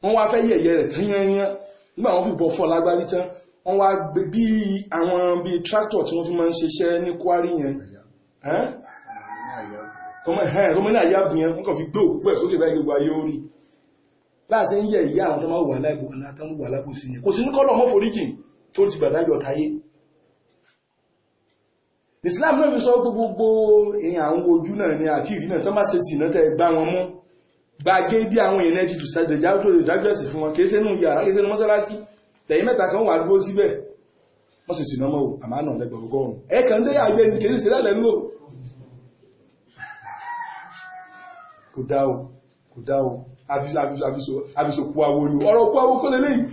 wọ́n wá fẹ́ yẹ̀yẹ́ rẹ̀ tán yányán nígbà wọ́n fìbọn fọ́ lágbárí tán wọ́n wá bí àwọn bí tractor tí wọ́n fi máa ń ṣiṣẹ́ láàṣẹ ń yẹ ìyá àwọn tó máa wà láìbò látàmúwà lábòsí yẹn kò sí ní kọ́lọ̀ mọ́ foríjìn tó ti gbàdájọ́ tayé Islam náà fi sọ gbogbo èyàn àwọn ojú náà ni àti ìrìnà tó má ṣe sì náà tẹ́ gbá wọn mú gbàgede àwọn èèyàn ẹjì tùsàdẹ̀ jáwótó lè dájọ́ sí fún wọn kìí sẹ́nu yàrá kìí sẹ́nu mọ́sálásí lẹ́yìn mẹ́ta kan wà dúró síbẹ̀ wọ́n sì àfisò kú àwọn olú ọ̀rọ̀ kú àwọn kọ́lẹ̀ lẹ́yìn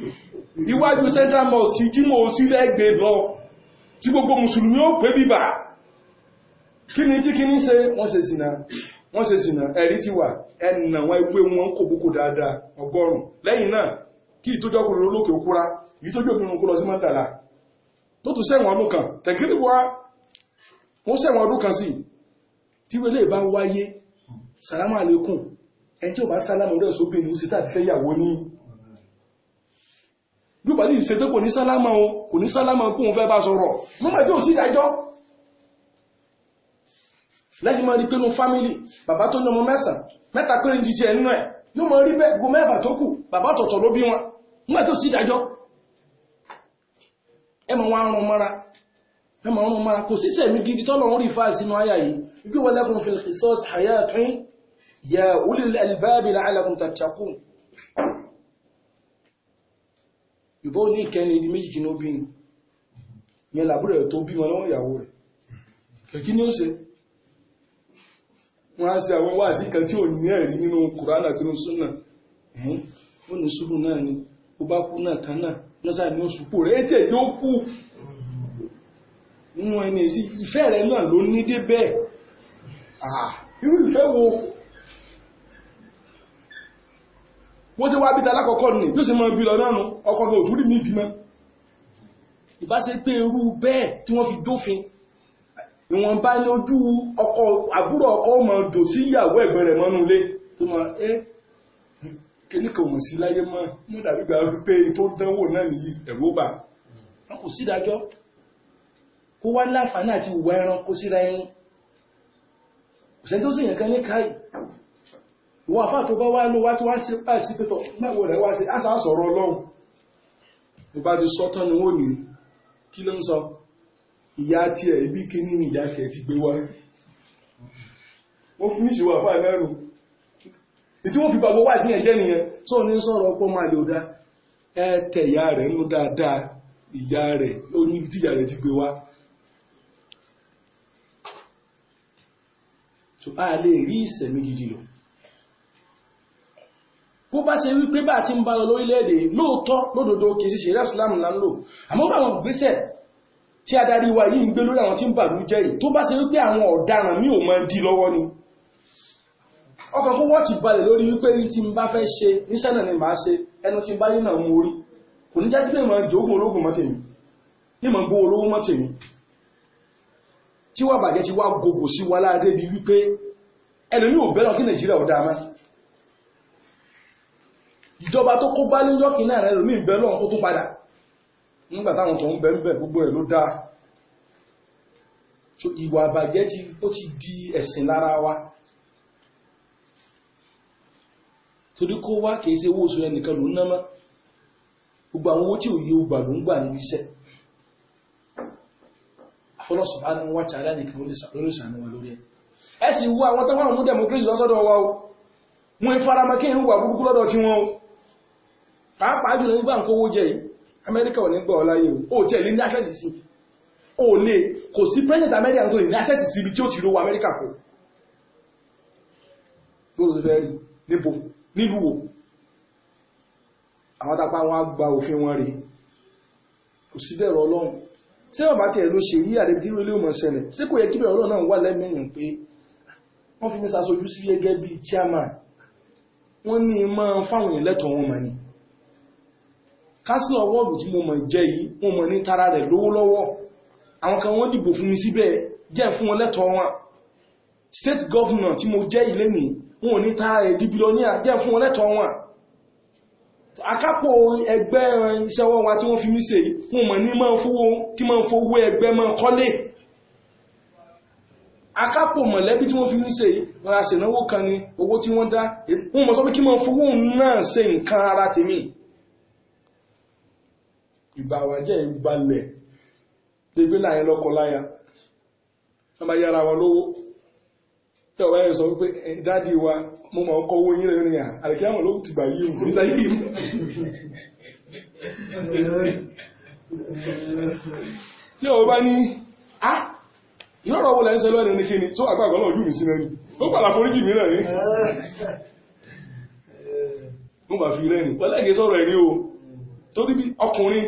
iwájú central mosque tí mo sí lẹ́gbẹ̀ẹ́ lọ tí gbogbo mùsùlùmí ó pé bíbà kí ni tí kí ní ṣe wọ́n ṣe sìnà wọ́n ṣe sìnà ẹ̀rí ti wà ẹ̀nà wọn ewé wọn kò búkò dáadáa ọgọ́rùn lẹ́yìn náà kí ìtójọ́kùnrin olókè òkúra ìtójọ́kùnrin kó lọ sí ẹni tí ó bá sálámù rẹ̀ sóbí ní sítà ti fẹ́ yàwó ní yóò bá ní ìṣẹ́ tó kò ní sálámù o kò ní sálámù kó ń fẹ́ bá sọ̀rọ̀ mọ́mọ̀ tí ó sí ìdájọ́ lẹ́yìn máa rí pé nú fámílì bàbá tó ní ọmọ mẹ́sàn mẹ́ta pé ń jíjẹ nínú ẹ̀ ló mọ̀ rí bẹ́ẹ̀ gbogbo mẹ́bà tó kù bàbá tọ̀tọ̀ ló bí wọn mọ́ sí ìdájọ́ gidi tọ́lọ̀ ń rí fáà sínú àyà yìí ibi wọlẹ́kùn hayatun يا أولي الألباب لعلكم تتقون ìbọn ní ìkẹni ìdí méjì jìnà obìnrin ní ẹlàbúrẹ̀ tó bí wọn lọ́wọ́ ìyàwó rẹ̀ kẹ̀kí ní ó ṣe wọ́n á sí àwọn wà sí kan tí ò ní ẹ̀rí nínú kùránà tí ó súnà ẹ̀yìn ó ní súnù náà ni ó bá kú náà kan náà lọ́sà ní oṣù pò rẹ̀ tẹ̀ yóò kú nínú ẹni èsì ìfẹ́ rẹ̀ náà ló ní dé bẹ́ẹ̀ irú ìfẹ́ wo bó ṣe wá bí talákọ̀ọ́kọ́ ní yóò ṣe mọ́ bí lọ náà ọkọ̀ lọ òtúrí ní ìbímọ ìbá ṣe pé irú bẹ́ẹ̀ tí wọ́n fi dófin ìwọ̀nba ní ojú ọkọ àbúrò ọkọ ọmọ dò sí ìyàwó ẹ̀gbọ́n rẹ̀ mọ́nú ilé tó mọ́ ẹ́ kìníkà òun sí láyé mọ́ mú dàbí gbà wípé tó dánwò náà nìyí ẹ̀rọ bà wọn kò sídájọ́ kó wá láǹfààní àti ìwà ẹran kó síra ẹyin kò sẹ́ni tó sì yàn kan ní káyì wọ́n àfá tó bá wá ló wá tí wá sí pàì sí pẹ́tọ̀ mẹ́wọ̀ rẹ̀ wá sí àṣà sọ̀rọ̀ ọlọ́run tó bá ti sọ́tán ni wọ́n ní kí ló ń sọ ìyá tí ẹ̀ ibi kí ní ìyá tí ẹ̀ ti gbé wá wọ́n fún ìṣòwò àfá mẹ́rù ìtí wọ́n fi gbàgbọ́ so a lè rí bó bá ṣe wípé bá ti ń bá lọ lórílẹ̀-èdè lóòótọ́ lódòdó kìí sí ṣeré islam là ń lò àmọ́ bá àwọn gbésẹ̀ tí adarí wa yìí ń gbé lórí àwọn tí ń bàlú jẹ́ yìí tó bá ṣe wípé àwọn ọ̀daràn ní ò máa dí lọ́wọ́ ni ọkàn kó wọ́ọ̀tì balẹ̀ lórí wípé ní tí ń bá fẹ́ ṣe níṣẹ́ ni màá ṣe ẹnu jọba tó kó bá new york náà rẹ lómi ìbẹ́ lọ́run tó padà nígbà táwọn tó ń bẹ ń gbogbo ẹ̀ ló dáa so ìwà àbàjẹ́ ti ó ti di ẹ̀sìn lára wa torí kó wá kìí ṣe owó oṣù ló ń ná mọ́ gbogbo àwọn owó tí ò yí ogbà ló ń gbà iṣẹ́ bá ní wọ́n nìkan lórí ìṣàánú wa lórí ẹ sì wo o ìfaramọ́ kí n wà lọ́dọ̀ pàápàá jùlọ nígbà ń kówó jẹ yìí amẹ́ríkà ò ní gbọ́ ọláyé o jẹ́ ilé ní access sí o lè kò sí president amẹ́ríkà tó ní access sí ibi tí ó ti rówó amẹ́ríkà kò lóòrùn fẹ́ rí níbo nílùú wo àwọn tapá wọn gba òfin wọn rí kò sí bẹ̀rọ ọlọ́run tí wọ́n bá ti ẹ̀rọ ṣe rí àdé tí ilé ọmọ ṣẹlẹ̀ sí kò yẹ kí bẹ̀rọ ọlọ́run náà wà lẹ́mẹ̀yìn pé wọ́n fi ní ṣaṣojú sí gẹ́gẹ́ bí chairman wọ́n ní máa fáwọn ìlẹ́tọ̀ wọn mọ̀ ni kásílọ̀ wọ́ọ̀lù tí mo mọ̀ jẹ́ yìí wọ́n mọ̀ ní tara rẹ̀ lówó lọ́wọ́ àwọn kan wọ́n dìbò fún mi síbẹ̀ jẹ́ fún wọn lẹ́tọ̀ọ́ wọn state governor tí mo jẹ́ ilé ní wọ́n ní tara rẹ̀ dìbìlọ́níà jẹ́ fún wọn lẹ́tọ̀ọ́ wọn akápò ẹgbẹ́ iṣẹ́ wọn wa tí wọ́n fi mí ṣe wọ́n mọ̀ ní máa fowó kí máa fowó ẹgbẹ́ máa kọ́lé akápò mọ̀lẹ́bí tí wọ́n fi mí ṣe rárá ṣènáwó kan ni owó tí wọ́n dá wọ́n mọ̀ sọ kí máa fowó náà ṣe nǹkan ara tèmi ìbàwàjẹ́ ìgbalẹ̀ dégbé láàrin lọ́kọ láya ọmọ yára wọn lówó tí ọba yẹn sọ wípé dáàdi wa mo mọ̀ ọkọ̀ owó yín rìnrìn à àrẹ̀kẹ́ àwọn ló ti gbà yí ìwò níta yí ìwò tí ọba ní á ìrọ̀rọ̀ wo lẹ́sẹ̀ lọ́rin ní kíni tó àgbàgbọ́ náà ojú mi sí náà ni ó pàlà foríjì mi náà ni mo bà fi rẹ́ni pẹ́lẹ́gẹ́ sọ̀rọ̀ ẹ̀rí o torí bí ọkùnrin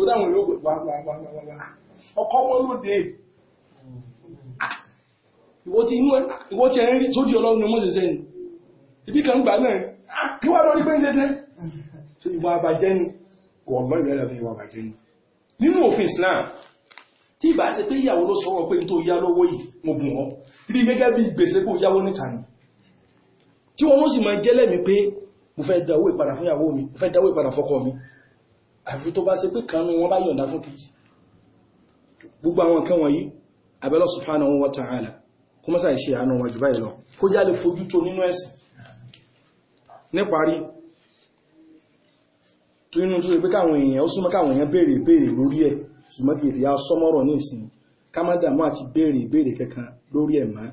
tó dáwọn yóò gbà gbàgbàgbà ọkọ wọn lóde ìwọ ti ẹ̀ ń rí tó di ọlọ́run mọ́ sẹ́sẹ́ ni ibi kan gbà náà ah, kí wá lórí pé ń sẹ́sẹ́ so ìwà àbàjẹ́ ni kò ọ̀lọ́ ìrẹ́lẹ̀ fún ìwà àbàjẹ́ ni nínú òfin Islam tí ìbá ṣe pé ìyàwó ló sọ̀rọ̀ pé tó yá lọ́wọ́ yìí mo bùn ọ́ rí gẹ́gẹ́ bí gbèsè kó yáwó níta ni tí wọ́n sì máa jẹ́lẹ̀ mi pé mo fẹ́ dáwó ìpadà fún ìyàwó mi mo fẹ́ dáwó ìpadà fọ́kọ mi àfi tó bá ṣe pé kanú wọn bá yọ̀ǹda fún kejì gbogbo àwọn nǹkan wọ̀nyí abẹ́lọ́ subhanahu wa ta'ala kó mọ́sàn ṣe àánú wọn jù báyìí lọ kó já lè fojú tó nínú ẹ̀sìn níparí tó inú tó pé káwọn èèyàn ó súnmọ́ káwọn èèyàn ya sọmọ́rọ̀ ní ìsìn ká má dàmú àti béèrè ìbéèrè kankan lórí ẹ̀ má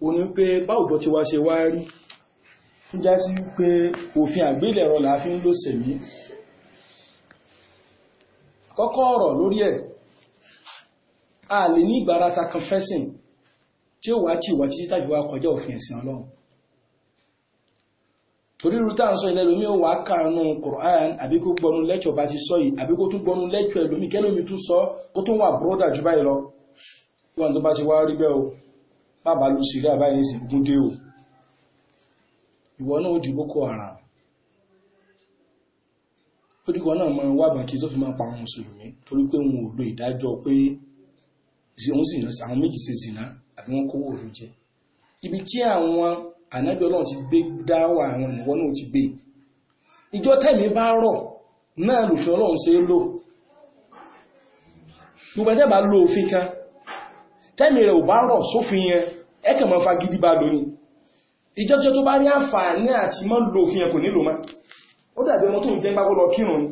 o ní pé báwùjọ ti wá ṣe kọ́kọ́ ọ̀rọ̀ lórí ẹ̀ a lè ní ìgbárata confessing tí ó wá tí ìwà títí tàbí wá kọjá òfin ẹ̀sìn ọlọ́run torí rúta ń sọ ilẹ̀ lómi ó wà kàánú Qur'an àbí kó gbọ́nú lẹ́tọ̀ bá ti sọ yìí àbí kó tún gbọ́nú lẹ́tọ̀ ẹlòmí kẹ́lòmí tún sọ kó tún wà bróda jù báyìí lọ wọn tó bá ti ó dìgbà náà máa wá bàkí tó fi máa pa àwọn mùsùlùmí torí pé wọn ò lo ìdájọ́ pé òun sì náà àwọn méjì ṣe zìnà àbí wọn kówó òru jẹ ibi tí àwọn ànábì Ọlọ́run ti gbé dáwà àwọn ìwọ náà ti gbé ìjọ tẹ̀mí bá rọ̀ náà lòfin Ọlọ́run ṣe é lò gbogbo ẹ̀dẹ́ bá lo òfin kan tẹ́mì rẹ̀ ò bá rọ̀ sófin yẹn ẹkẹ̀ mọ́ fa gidi bá lónìí ìjọ́jọ́ tó bá rí àǹfààní àti mọ́ lo òfin yẹn kò nílò máa ó dàbí ọmọ tó ń jẹ́ gbágbó lọ kírun ni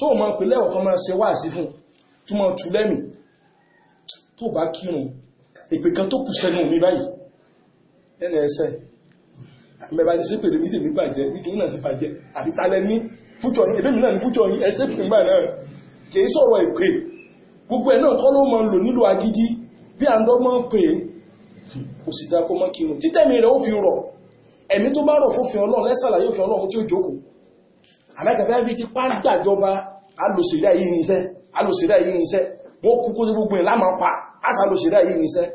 tó mọ̀ pé lẹ́wọ̀ kan máa ṣe wá sí fún tó mọ̀ tú lẹ́mì tó bá kírun ìpè kan tó kù sẹ́nu mi báyìí lẹ́nu ẹsẹ̀ mẹ́bà ti sí pèrè mítè mi bàjẹ́ mítè mi náà ti bàjẹ́ àbí talẹ́ ní fújọ yìí ebémi náà ní fújọ yìí ẹsẹ̀ pìmbà náà kìí sọ̀rọ̀ ìpè gbogbo ẹ̀mí tó bá rọ̀ fófin ọlọ́run lẹ́sàlàyé òfin ọlọ́run tí ó jókòó alákàtà bí ti pàǹtà jọba alòṣèlá yìí níṣẹ́ alòṣèlá yìí níṣẹ́ wọ́n kúkú ní gbogbo ìlàmà pa àṣà alòṣèlá yìí níṣẹ́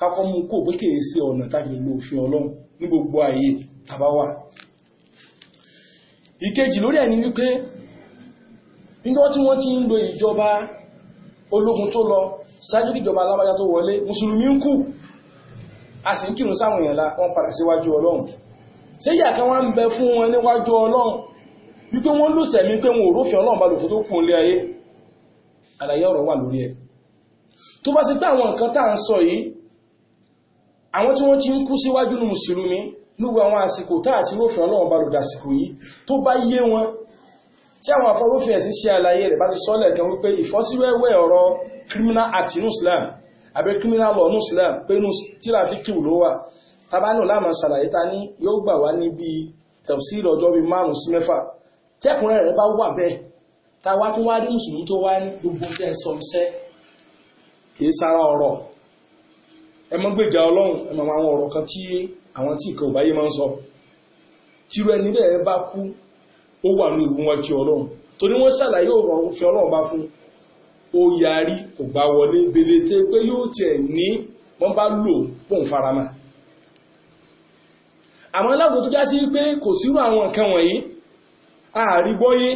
kakọ́ mú kò pé kèé sí ọ̀nà tàbí lò òfin ọlọ́run ní gbogbo ayé tàbáwà ìkejì lórí ẹni wípé nígbà tí wọ́n ti ń lo ìjọba ológun tó lọ ṣáájú ìjọba alábájá tó wọlé mùsùlùmí ń kú a sì ń kírun sáwọn èèyàn la padà síwájú ọlọ́run ṣé ìyà kan ń bẹ fún wọn níwájú ọlọ́run wípé wọ́n ló sẹ̀mí pé wọn ò rófin ọlọ́run bá lòfin tó kún lé ayé àlàyé ọ̀rọ̀ wà lórí ẹ̀ tó bá sì pé àwọn nǹkan tá à ń sọ yìí àwọn tí wọ́n ti ń kú síwájú ní mùsùlùmí nígbà àwọn àsìkò tá àti rófin ọlọ́run bá lò yìí tó bá yé wọn tí àwọn afọrófin ẹ̀sìn criminal act inú Islam àbí criminal law inú Islam pé inú tíráfíkì ló wà tabánù láàmà ṣàlàyé ta ní yóò gbà wá níbi tẹ̀síìrì ọjọ́ bíi sí tẹ́kùnrin rẹ̀ bá wà bẹ́ẹ̀ tàwa tó wá rí mùsùlùmí tó wá ní gbogbo tẹ́ sọ iṣẹ́ kìí sára ọ̀rọ̀ ẹ mọ́ gbèjà ọlọ́run ẹ mọ̀ àwọn ọ̀rọ̀ kan tí àwọn tí ìkọ̀ báyé máa ń sọ tírú ẹni bẹ́ẹ̀ bá kú ó wà ní ìwọ̀n wájú ọlọ́run torí wọ́n ṣàlàyé ọ̀rọ̀ fi ọlọ́run bá fún farama àwọn aláwọ̀ tó já sí pé kò àrígbọ́yé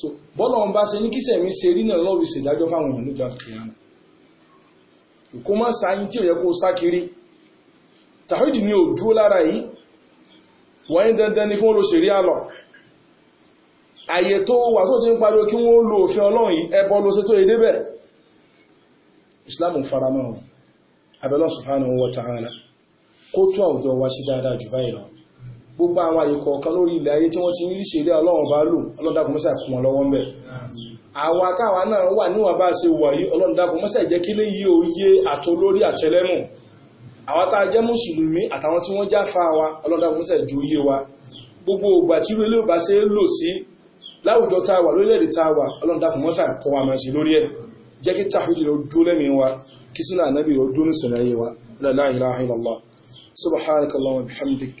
so bọ́lọ̀ ń bá ṣe ní kíṣẹ̀ mi ṣe rí náà lọ́wọ́ ìṣèdájọ́ fáwọn èèyàn lójú àkìyàmù kò mọ́ sáyín tí ò yẹ kó sá kiri tàhídì ni ò dúró lára yìí wọ́n ní dandan ni kí wọ́n lo ṣèrí àlọ́ àyè tó wà tó ti ń pariwo kí wọ́n lo òfin ọlọ́run yìí ẹbọ ló ṣe tó yẹ débẹ̀ ìsìláàmù faramọ́ abẹ́lọ́ subhanahu wa ta'ala kó tún àwùjọ wa sí dáadáa jù báyìí lọ gbogbo àwọn àyè kọ̀ọ̀kan lórí ilẹ̀ ayé tí wọ́n ti ń rí ṣeré ọlọ́run bá lò ọlọ́dàkùn mọ́sà kún wọn lọ́wọ́ mẹ́ àwọn akáwà náà wà níwọ̀n bá ṣe wà yí ọlọ́dàkùn mọ́sà jẹ́ kí léyìí ó yé àtolórí àtẹlẹ́mù àwọn tá jẹ́ mùsùlùmí àtàwọn tí wọ́n já fa wa ọlọ́dàkùn mọ́sà ju yé wa gbogbo ògbà tí ilé ò bá ṣe lò sí láwùjọ tá lórílẹ̀-èdè tá a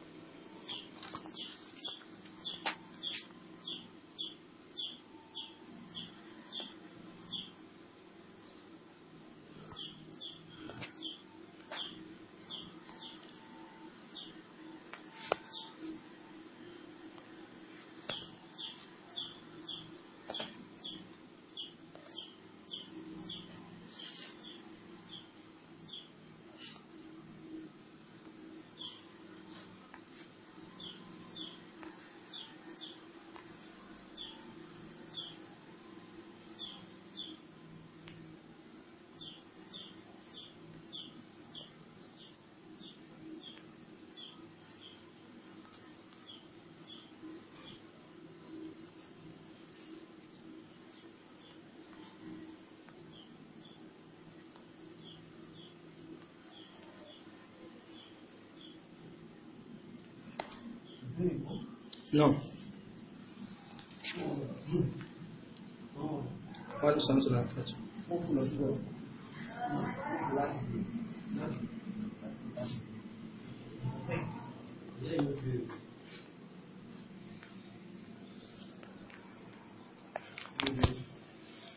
का भी समझना था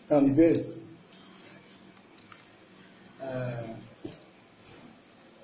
Thank you.